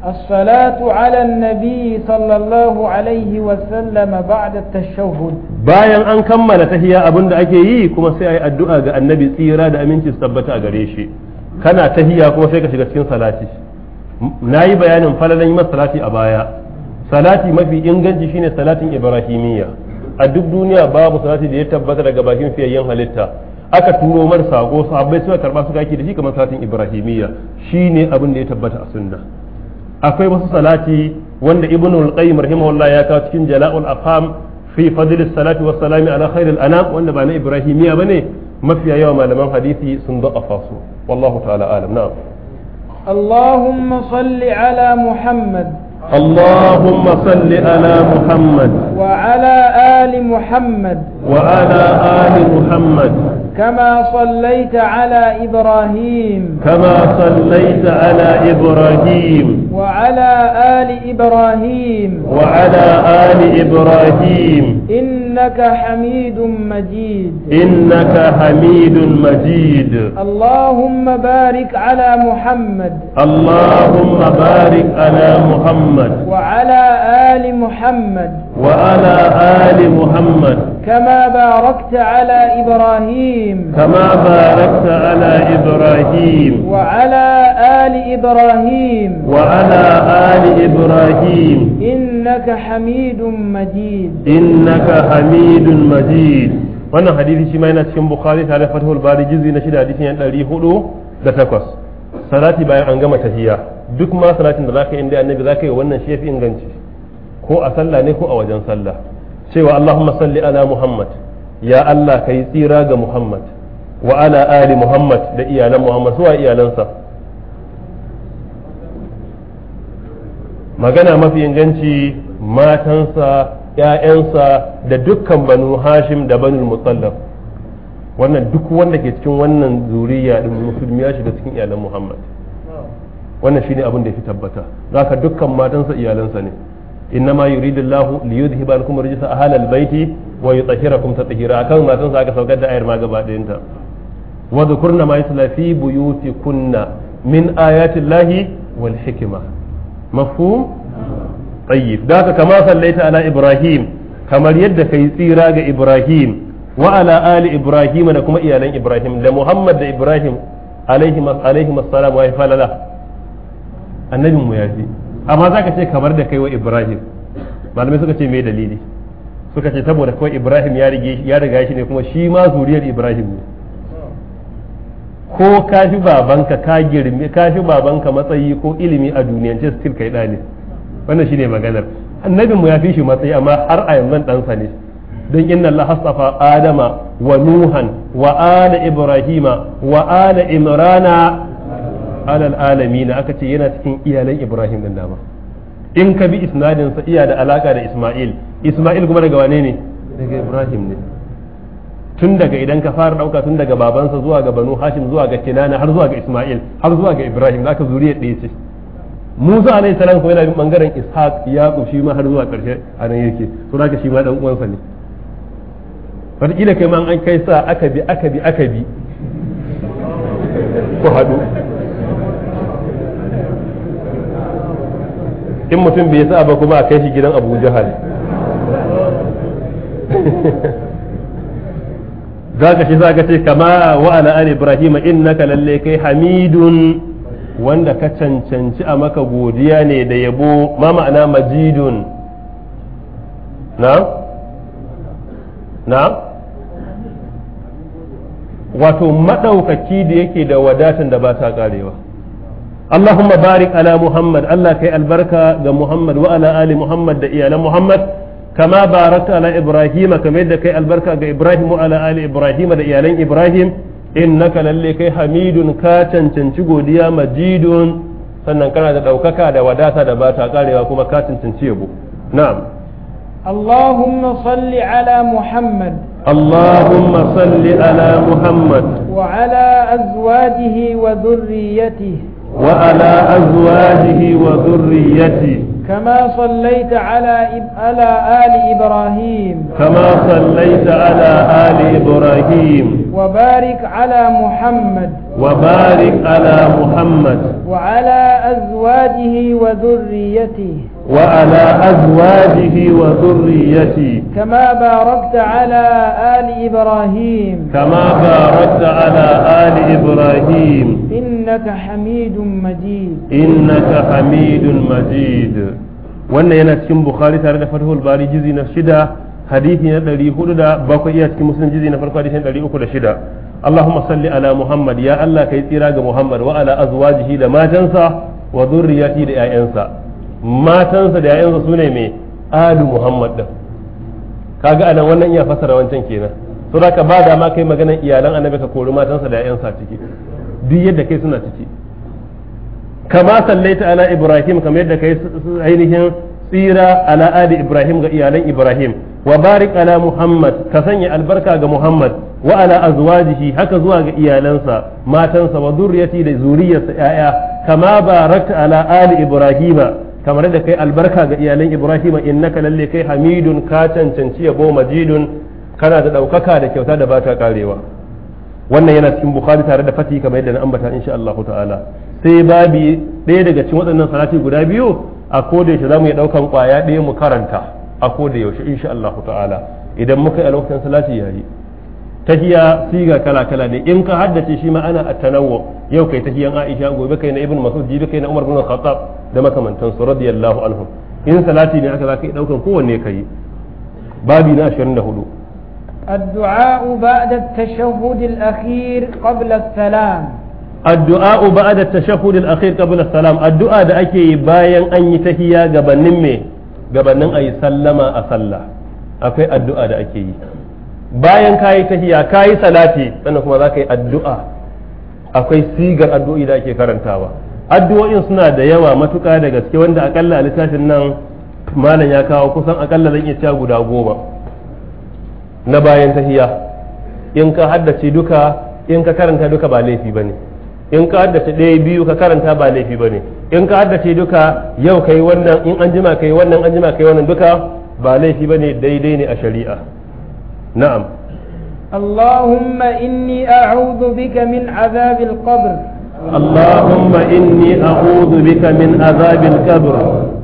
الصلاة على النبي صلى الله عليه وسلم بعد التشهد bayan an kammala tahiya abin da ake yi kuma sai ayi addu'a ga annabi tsira da aminci su tabbata a gare shi kana tahiya kuma sai ka shiga cikin salati na yi bayanin falalan yi salati a baya salati mafi inganci shi ne salatin ibrahimiyya a duk duniya babu salati da ya tabbata daga bakin fiyayyen halitta aka turo mar sako sahabbai suka karba suka yake da shi kamar salatin ibrahimiyya shine abin da ya tabbata a sunna akwai wasu salati wanda ibnu al-qayyim rahimahullah ya kawo cikin jala'ul afham fi fadl salati wa salami ala khairil anam wanda ba na ibrahimiyya bane mafiya yawa malaman hadisi sun da'afa su wallahu ta'ala alam na'am اللهم صل على محمد اللهم صل على محمد وعلى آل محمد وعلى آل محمد كما صليت على إبراهيم كما صليت على إبراهيم وعلى آل إبراهيم وعلى آل إبراهيم إنك حميد مجيد إنك حميد مجيد اللهم بارك على محمد اللهم بارك على محمد وعلى آل محمد وعلى آل محمد كما باركت على إبراهيم كما باركت على إبراهيم وعلى آل إبراهيم وعلى آل إبراهيم إنك حميد مجيد إنك حميد مجيد wannan hadisi shi ma yana cikin bukhari tare fatihul bari jizi na shida hadisin yan ɗari hudu da takwas salati bayan an gama tahiyya duk ma salatin da zaka yi inda annabi zaka yi wannan shi yafi inganci ko a sallah ne ko a wajen sallah cewa Allahumma salli ala Muhammad ya Allah ka yi tsira ga Muhammad wa ala ali Muhammad da iyalan Muhammad suwa iyalansa magana mafi inganci matansa ‘ya'yansa da dukkan banu hashim da banu mutallaf wannan duk wanda ke cikin wannan zuriya din musulmi ya shiga cikin iyalan Muhammad wannan shine abin da ya fi tabbata zaka dukkan matansa iyalansa ne innama yuridu Allahu li yudhhiba ankum rijsa ahli kuma ta yutahhirakum a kan matan sa aka saukar da ayar ma gaba ɗayanta wa dhukurna ma yutla fi buyutikunna min ayati Allahi wal hikma mafhum tayyib da haka kama sallaita ala Ibrahim kamar yadda kai tsira ga Ibrahim wa ala ali Ibrahim da kuma iyalan Ibrahim da Muhammad da Ibrahim alaihi alaihi assalam wa falala annabin mu yafi amma za ka ce kamar da kai wa Ibrahim malamai suka ce mai dalili suka ce saboda kawai Ibrahim ya ya riga shi ne kuma shi ma zuriyar Ibrahim ne ko ka fi babanka ka girme ka fi babanka matsayi ko ilimi a duniyar still kai ɗani ne wannan ne maganar annabin mu ya fi shi matsayi amma har a yanzu ɗansa ne don inna Allah hasafa Adama wa Nuhan wa ala Ibrahima wa ala Imrana alal alamina aka ce yana cikin iyalan Ibrahim din dama in ka bi isnadin sa iya da alaka da Isma'il Isma'il kuma daga wane ne daga Ibrahim ne tun daga idan ka fara dauka tun daga babansa zuwa ga Banu Hashim zuwa ga Kinana har zuwa ga Isma'il har zuwa ga Ibrahim zaka zuriyar ɗaya ce Musa alayhi salam kuma yana bin bangaren Ishaq Yaqub shi ma har zuwa karshe a nan yake to zaka shi ma dan uwansa ne wataƙila kai ma an kai sa aka bi aka bi aka bi ku haɗu in mutum bai sa ba kuma a kai shi gidan abu jahal za ka shi za ka ce kama wa ala ali ibrahim innaka lalle kai hamidun wanda ka cancanci a maka godiya ne da yabo ma ma'ana majidun na na wato maɗaukaki da yake da wadatan da ba ta karewa Allahumma barik ala Muhammad Allah kai albarka ga Muhammad wa ala ali Muhammad da iyalan Muhammad kama barakta ala Ibrahim kamar yadda kai albarka ga Ibrahim wa ala ali Ibrahim da iyalan Ibrahim innaka lalle kai hamidun ka cancanci godiya majidun sannan kana da ɗaukaka da wadata da ba karewa kuma ka cancanci yabo na'am اللهم صل على محمد اللهم صل على محمد وعلى أزواجه وذريته وعلى أزواجه وذريته كما صليت على على آل إبراهيم كما صليت على آل إبراهيم وبارك على محمد وبارك على محمد وعلى أزواجه وذريته وعلى أزواجه وذريته كما باركت على آل إبراهيم كما باركت على آل إبراهيم innaka hamidun majid innaka hamidun majid wannan yana cikin bukhari tare da fathul bari jizi na shida hadisi na ɗari hudu da bakwai iya cikin musulun jizi na farko hadisi na ɗari uku da shida allahumma salli ala muhammad ya allah kai tsira ga muhammad wa ala azwajihi da matansa wa zurriyati da 'ya'yansa matansa da 'ya'yansa su ne mai alu muhammad din kaga anan wannan iya fasara wancan kenan saboda ka ba da ma kai maganar iyalan annabi ka kori matansa da 'ya'yansa ciki duk yadda kai suna ciki kama sallaita ala ibrahim kamar yadda kai ainihin tsira ala ali ibrahim ga iyalan ibrahim wa barik ala muhammad ka sanya albarka ga muhammad wa ala azwajihi haka zuwa ga iyalansa matansa wa zuriyati da zuriyarsa yaya kama barakta ala ali ibrahim kamar da kai albarka ga iyalan ibrahim innaka lalle kai hamidun ka cancanci yabo majidun kana da daukaka da kyauta da bata karewa wannan yana cikin bukhari tare da fati kamar yadda na ambata insha Allah ta'ala sai babi ɗaya daga cikin waɗannan salati guda biyu a koda yaushe zamu iya daukan kwaya ɗaya mu karanta a koda yaushe insha Allah ta'ala idan muka yi a lokacin salati yayi tahiya siga kala kala ne in ka haddace shi ma ana at yau kai tahiyan Aisha gobe kai na Ibn Mas'ud jibi kai na Umar bin Khattab da makamantan su radiyallahu anhum in salati ne aka zaka yi daukan kowanne kai babi na 24 الدعاء بعد التشهد الأخير قبل السلام الدعاء بعد التشهد الأخير قبل السلام الدعاء da ake yi bayan an yi tahiyya gabanin me gabanin ayi sallama a sallah akwai addu'a da ake yi bayan kayi tahiyya kayi salati sannan kuma za ka yi addu'a akwai sigar addu'o'i da ake karantawa addu'o'in suna da yawa matuka da gaske wanda akalla a littafin nan malam ya kawo kusan akalla zan iya cewa guda goma na bayan tahiya in ka haddace duka in ka karanta duka ba laifi ba ne in ka haddace ɗaya biyu ka karanta ba laifi ba ne in ka haddace duka yau kai wannan in an jima kai wannan an jima kai wannan duka ba laifi ba ne daidai ne a shari'a na'am اللهم إني أعوذ بك من عذاب القبر اللهم إني أعوذ بك من عذاب القبر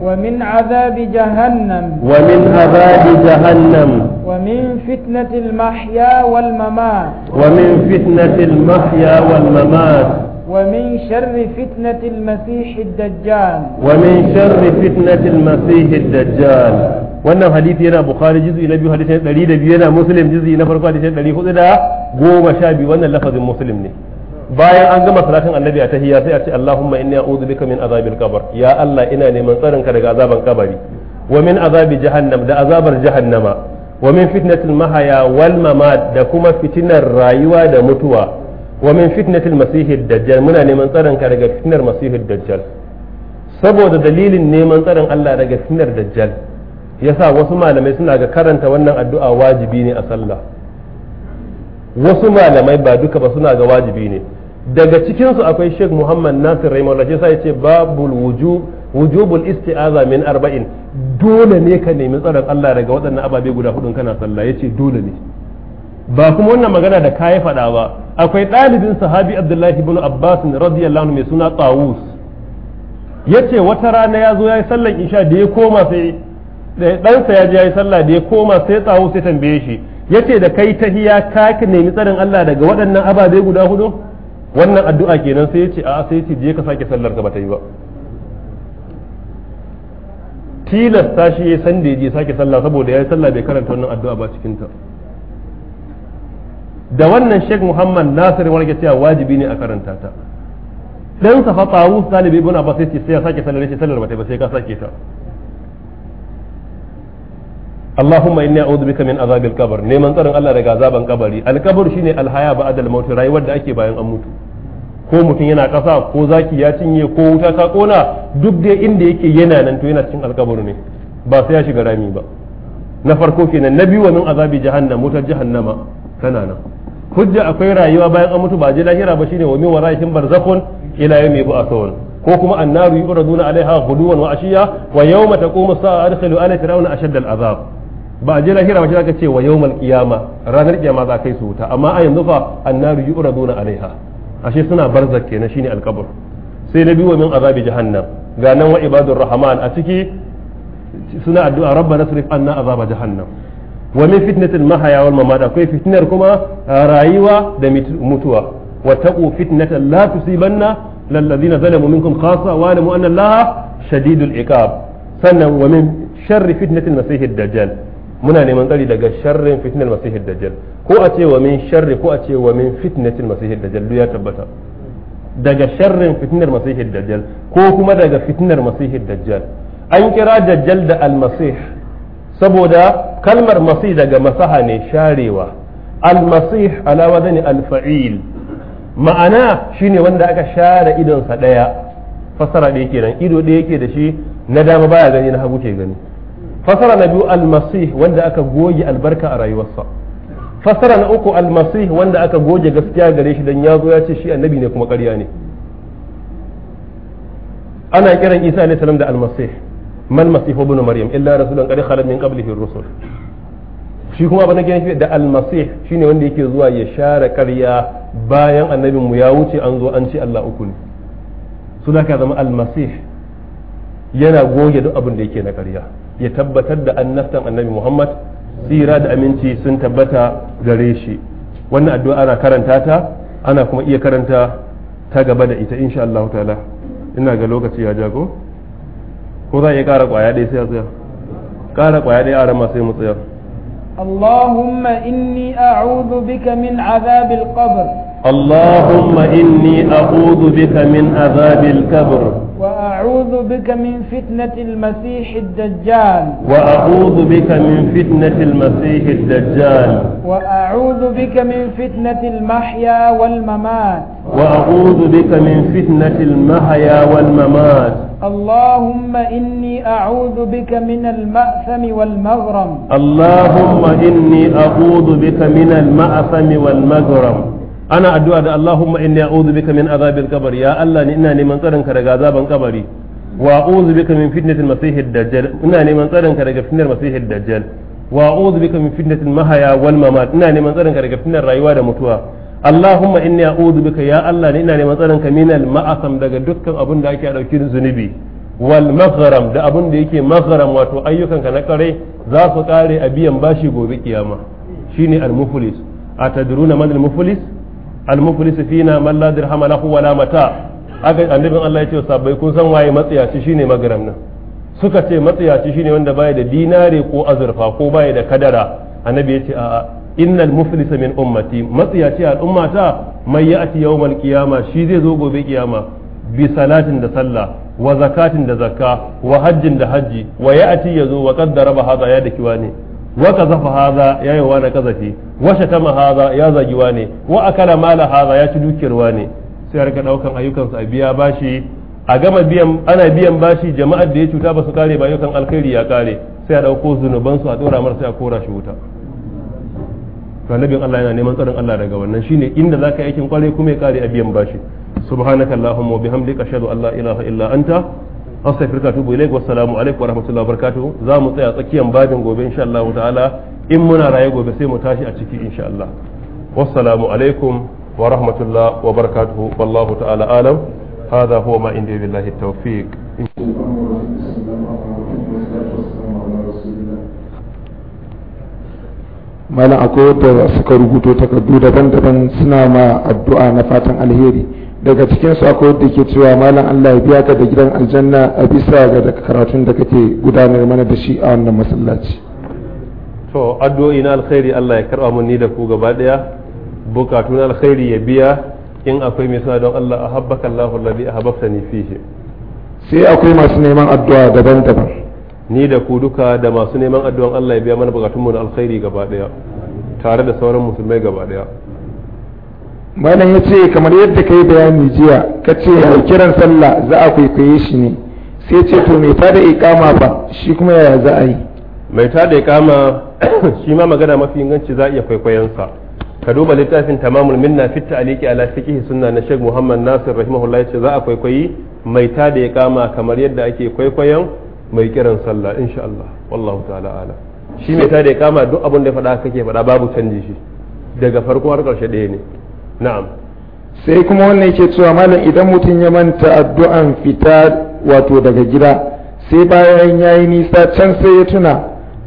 ومن عذاب جهنم ومن عذاب جهنم ومن فتنة المحيا والممات ومن فتنة المحيا والممات ومن شر فتنة المسيح الدجال ومن شر فتنة المسيح الدجال wannan hadisi yana bukhari juz'i na biyu hadisi na 102 yana muslim juz'i na farko hadisi na 412 wannan lafazin muslim ne bayan an gama salatin annabi a tahiyya sai a ce Allahumma inni a'udhu bika min azabil qabr ya Allah ina neman tsarin ka daga azaban kabari wa min azabi jahannam da azabar jahannama wa min fitnatil mahaya wal mamat da kuma fitinar rayuwa da mutuwa wa min fitnatil masihid dajjal muna neman tsarin ka daga fitinar masihid dajjal saboda dalilin neman tsarin Allah daga fitinar dajjal yasa wasu malamai suna ga karanta wannan addu'a wajibi ne a sallah wasu malamai ba duka ba suna ga wajibi ne daga cikinsu akwai sheikh muhammad nasir raimar shi sa ya ce babul wujub wujubul isti'aza min arba'in dole ne ka nemi tsaron Allah daga waɗannan ababe guda hudun kana sallah ya ce dole ne ba kuma wannan magana da kayi faɗa ba akwai ɗalibin sahabi abdullahi ibn abbas radiyallahu mai suna tawus yace wata rana ya zo ya yi sallan isha da ya koma sai ɗansa ya je ya yi sallah da ya koma sai tawus ya tambaye shi yace da kai ta tahiya ka nemi tsarin Allah daga waɗannan ababe guda hudu wannan addu'a kenan sai yace a sai ce je ka sake sallar ka bata yi ba tilasta shi ya san da je sake sallah saboda ya yi sallah bai karanta wannan addu'a ba cikin ta da wannan Sheikh Muhammad Nasir wani cewa wajibi ne a karanta ta dan sa fa Tawus Talib ibn Abbas sai ya sake sallar sai sallar bata ba sai ka sake ta Allahumma inni a'udhu bika min azabil kabar neman tsarin Allah daga azaban kabari alkabr shine alhaya ba'da al rayuwar da ake bayan an mutu ko mutum yana kasa ko zaki ya cinye ko wuta ta kona duk da inda yake yana nan to yana cikin alkabr ne ba sai ya shiga rami ba na farko kenan na biyu wa min azabi jahannam wutar jahannama tana nan hujja akwai rayuwa bayan an mutu ba je lahira ba shine wa min wara'ihim barzakhun ila yawmi yub'athun ko kuma annaru yuraduna alaiha ghuduwan wa ashiya wa yawma taqumu saa adkhilu ala fir'auna ashadda al-azab ba a je lahira ba shi zaka ce wa yawmal qiyama ranar kiyama za kai su wuta amma a yanzu fa annaru yuraduna alaiha ashe suna barzak kenan shine alqabr sai na wa min azabi jahannam ga nan wa ibadur rahman a ciki suna addu'a rabbana srif anna azaba jahannam wa min fitnatil mahya wal mamat akwai fitnar kuma rayuwa da mutuwa wa taqu fitnatan la tusibanna lillazina zalamu minkum khassa wa alamu anna allaha shadidul iqab sannan wa min sharri fitnatil masihid dajjal muna neman tsari daga sharrin fitnar masihid dajjal ko a ce wa min sharri ko a ce wa min fitnatin masihid dajjal ya tabbata daga sharrin fitnar masihid dajjal ko kuma daga fitnar masihid dajjal an kira dajjal da almasih saboda kalmar masih daga masaha ne sharewa almasih ala al alfa'il ma'ana shine wanda aka share idonsa daya fasara da yake nan ido da yake da shi na dama baya gani na hagu ke gani fasara na biyu almasih wanda aka goge albarka a rayuwarsa fasara na uku almasih wanda aka goge gaskiya gare shi dan ya zo ya ce shi annabi ne kuma ƙarya ne ana kiran isa alayhi salam da almasih man masihu ibn maryam illa rasulun qad khalat min qablihi ar-rusul shi kuma abin da ke da almasih shine wanda yake zuwa ya share karya bayan annabin mu ya wuce an zo an ce Allah uku ne suna ka zama almasih yana goge duk abin da yake na karya. ya tabbatar da annabtan annabi Muhammad tsira da aminci sun tabbata gare shi wannan addu'a ana karanta ta ana kuma iya karanta ta gaba da ita insha Allah ta'ala ina ga lokaci ya jago ko za a iya kara kwaya ɗaya sai a tsaya ƙara ƙwaya ɗaya a rama sai mu tsaya اللهم إني أعوذ بك من عذاب القبر اللهم إني أعوذ بك من عذاب القبر وأعوذ بك من فتنة المسيح الدجال وأعوذ بك من فتنة المسيح الدجال وأعوذ بك من فتنة المحيا والممات وأعوذ بك من فتنة المحيا والممات اللهم إني أعوذ بك من المأثم والمغرم اللهم إني أعوذ بك من المأثم والمغرم ana addu'a da Allahumma inni a'udhu bika min azabil qabr ya Allah ni ina neman tsarin ka daga azaban kabari wa a'udhu bika min fitnatil masihid dajjal ina neman tsarin ka daga fitnar masihid dajjal wa a'udhu bika min fitnatil mahaya wal mamat ina neman tsarin ka daga fitnar rayuwa da mutuwa Allahumma inni a'udhu bika ya Allah ni ina neman tsarin ka minal ma'asam daga dukkan abin da ake dauki zunubi wal maghram da abin da yake maghram wato ayyukan ka na kare za su kare a biyan bashi gobe kiyama shine al muflis atadruna man al muflis al-muflis fina man la dirham lahu wala mata aga annabin Allah ya ce sabai kun san waye matsiyaci shine magaram nan suka ce matsiyaci shine wanda baya da dinare ko azurfa ko baya da kadara annabi ya ce a'a innal muflis min ummati matsiyaci al'ummata mai ya'ti yawmal qiyama shi zai zo gobe kiyama bi salatin da sallah wa zakatin da zakka wa hajjin da hajji wa ya'ti yazo wa qaddara ba hada ya da ne wa zafa haza ya yi wa na kazafi wa tama haza ya zagi wane wa akala mala haza ya ci dukiyar wane sai rika daukan ayyukansa a biya bashi a gama biyan ana biyan bashi jama'ar da ya cuta ba su kare ba alkhairi ya kare sai a dauko zunuban su a dora mar sai a kora shi wuta to annabin Allah yana neman tsarin Allah daga wannan shine inda zaka yi aikin kware kuma ya kare a biyan bashi subhanakallahumma wa bihamdika ashhadu an la ilaha illa anta astaghfiruka wa atubu ilaik wassalamu alaikum wa rahmatullahi wa barakatuh za mu tsaya tsakiyan babin gobe insha Allah ta'ala in muna raye gobe sai mu tashi a ciki insha Allah wassalamu alaikum wa rahmatullahi wa barakatuh wallahu ta'ala alam هذا هو ما عندي بالله التوفيق malam akwai wadda suka rubuto takardu daban-daban suna ma addu'a na fatan alheri daga cikin sako da ke cewa malam Allah ya biya ka da gidan aljanna a bisa ga karatun da kake gudanar mana da shi a wannan masallaci to addu'o'i na alkhairi Allah ya karba mun ni da ku gaba daya bukatu na alkhairi ya biya in akwai mai suna don Allah a habbaka alladhi ahbabtani fihi sai akwai masu neman addu'a daban-daban ni da ku duka da masu neman addu'an Allah ya biya mana mu na alkhairi gaba daya tare da sauran musulmai gaba daya malam ya ce kamar yadda ka yi bayani jiya ka ce mai kiran sallah za a kwaikwaye shi ne sai ce to mai tada ikama ba shi kuma yaya za a yi mai tada ikama shi ma magana mafi inganci za a iya kwaikwayensa ka duba littafin tamamul minna fit ta'liqi ala fiqh sunna na Sheikh Muhammad Nasir rahimahullah yace za a kwaikwayi mai tada ikama kamar yadda ake kwaikwayon mai kiran sallah insha Allah wallahu ta'ala ala shi mai tada ikama duk abin da ya faɗa kake faɗa babu canji shi daga farko har ƙarshe ɗaya ne na'am sai kuma wannan yake cewa malam idan mutum ya manta addu'an fita wato daga gida sai bayan ya yi nisa can sai ya tuna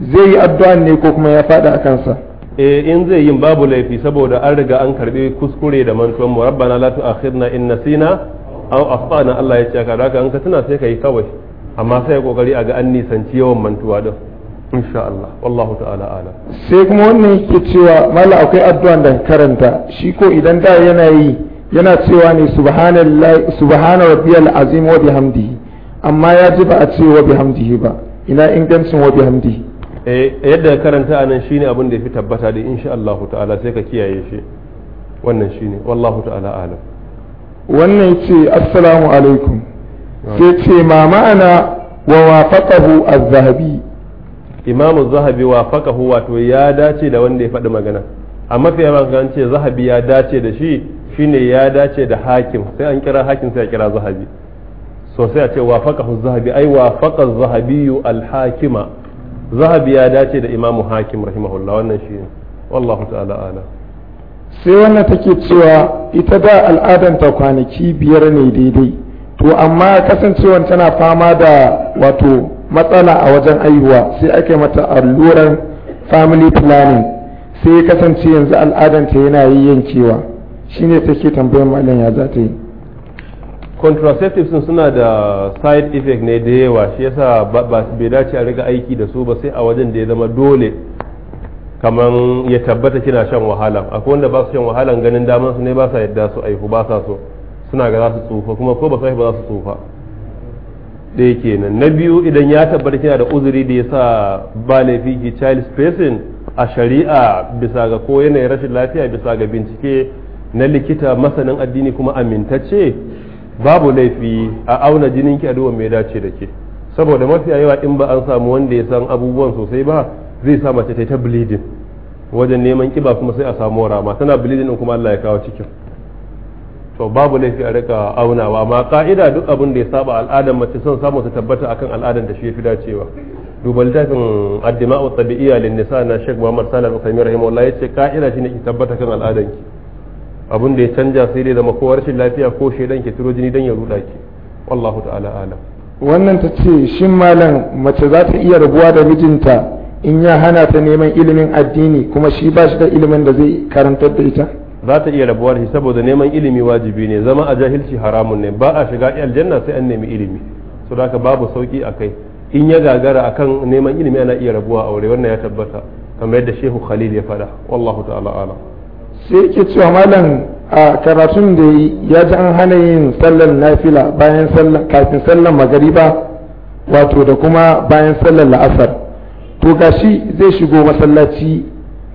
zai yi addu'an ne ko kuma ya faɗa a kansa eh in zai yin babu laifi saboda an riga an karbi kuskure da mantuwan mu rabbana la tu'akhidna in nasina aw akhtana Allah ya ce ka haka an ka tuna sai kai kawai amma sai kokari a ga an nisanci yawan mantuwa din insha Allah wallahu ta'ala ala sai kuma wannan yake cewa mala akwai addu'an da karanta shi ko idan da yana yi yana cewa ne subhanallahi subhana rabbiyal azim wa bihamdihi amma ya ji ba a ce wa bihamdihi ba ina ingancin wa bihamdihi eh yadda karanta anan shine abin da yafi tabbata da insha Allah ta'ala sai ka kiyaye shi wannan shine wallahu ta'ala ala wannan ce assalamu alaikum sai ce ma ma'ana wa wafaqahu az-zahabi imamu zahabi wafaqahu to ya dace da wanda ya faɗi magana a mafi yawan kan ce zahabi ya dace da shi shine ya dace da hakim sai an kira hakim sai a kira zahabi so sai a ce wafaqahu zahabi ai wafaqa zahabi al hakima zahabi ya dace da imamu hakim rahimahullah wannan shi wallahu ta'ala ala sai wannan take cewa ita da ta kwanaki biyar ne daidai to amma kasancewan tana fama da wato matsala a wajen aihuwa sai ake mata alluran family planning sai ya kasance yanzu al'adanta yana yi yankewa shine take tambayar malam ya za ta yi contraceptives suna da side effect ne da yawa shi yasa bai dace a riga aiki da su ba sai a wajen da ya zama dole kamar ya tabbata kina shan wahala akwai wanda ba su shan wahalan ganin daman su ne ba sa yadda su aihu ba sa so suna ga za su tsufa kuma ko ba su ba za su tsufa ɗaya kenan na biyu idan ya tabbata kina da uzuri da ya sa ba laifi ki child spacing a shari'a bisa ga ko yanayin rashin lafiya bisa ga bincike na likita masanin addini kuma amintacce babu laifi a auna jinin ki a duwan mai dace da ke saboda mafiya yawa in ba an samu wanda ya san abubuwan sosai ba zai sa mace ta ta bleeding wajen neman kiba kuma sai a samu rama tana bleeding kuma Allah ya kawo cikin to babu laifi a rika aunawa amma ka'ida duk abin da ya saba al'adar mace son samu ta tabbata akan al'adar da shi ya fi dacewa duba littafin addima'u tabi'iyya lin nisa na Sheikh Muhammad Salih Al-Uthaymeen ya ce ka'ida shine ki tabbata kan al'adar ki abin da ya canja sai dai zama ko rashin lafiya ko shaidan ki turo jini dan ya ruda ki wallahu ta'ala alam wannan ta ce shin malam mace za ta iya rabuwa da mijinta in ya hana ta neman ilimin addini kuma shi ba shi da ilimin da zai karantar da ita za ta iya rabuwa da shi saboda neman ilimi wajibi ne zama a jahilci haramun ne ba a shiga aljanna sai an nemi ilimi so da babu sauki a kai in ya gagara a kan neman ilimi ana iya rabuwa aure wannan ya tabbata kamar yadda shehu khalil ya faɗa wallahu ta'ala ala. sai ke cewa malam a karatun da ya ji an hana yin sallar nafila bayan sallar kafin sallar magariba wato da kuma bayan sallar la'asar to gashi zai shigo masallaci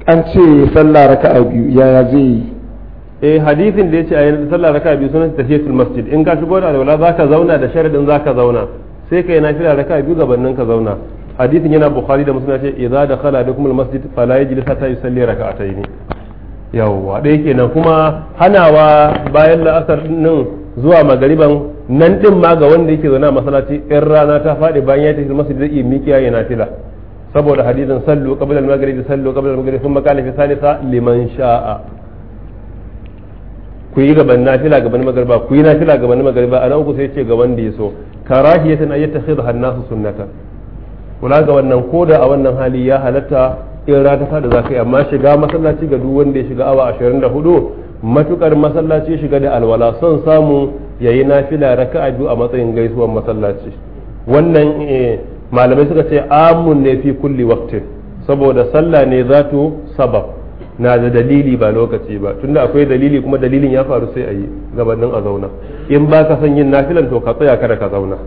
an ce sallah raka'a biyu yaya zai yi eh hadisin da yace ayi sallah raka biyu sunan tahiyatul masjid in ka shigo da za zaka zauna da sharadin ka zauna sai kai nafila raka biyu gabanin ka zauna hadisin yana bukhari da muslim yace idza dakhala bikum masjid fala yajlis hatta yusalli raka'atayn yawwa dai kenan kuma hanawa bayan la'asar nan zuwa magariban nan din ma ga wanda yake zauna masallaci in rana ta faɗi bayan ya tafi masjid zai iya miƙiya ya tila saboda hadisin sallu qabla al-maghrib sallu qabla al-maghrib kuma kana fi salisa liman sha'a ku yi gaban nafila gaban magarba ku yi nafila gaban magarba a nan uku sai ce ga wanda ya so karahiyatan ayyata khidha hannasu sunnata kula ga wannan koda a wannan hali ya halatta in rata ta da za ka yi amma shiga masallaci ga duk wanda ya shiga awa da hudu matukar masallaci shiga da alwala son samu yayi nafila raka'a biyu a matsayin gaisuwar masallaci wannan eh, malamai suka ce amun ne fi kulli waqtin saboda sallah ne zato sabab na da dalili ba lokaci ba tunda akwai dalili kuma dalilin ya faru sai a yi gabanin a zauna in ba ka san yin nafilan to ka tsaya kada ka zauna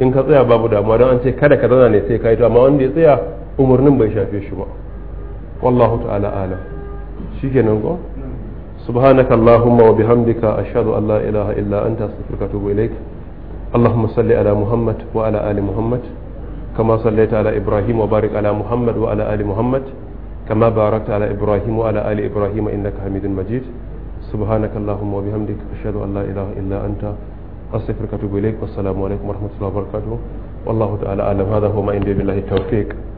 in ka tsaya babu damuwa don an ce kada ka zauna ne sai ka yi to amma wanda ya tsaya umarnin bai shafe shi ba wallahu ta'ala alam shikenan ko سبحانك اللهم وبحمدك أشهد أن لا إله إلا أنت أستغفرك وأتوب إليك اللهم صل على محمد وعلى آل محمد كما صليت على إبراهيم وبارك على محمد وعلى آل محمد كما باركت على إبراهيم وعلى آل إبراهيم إنك حميد مجيد سبحانك اللهم وبحمدك أشهد أن لا إله إلا أنت أستغفرك وأتوب إليك والسلام عليكم ورحمة الله وبركاته والله تعالى أعلم هذا هو ما عندي بالله التوفيق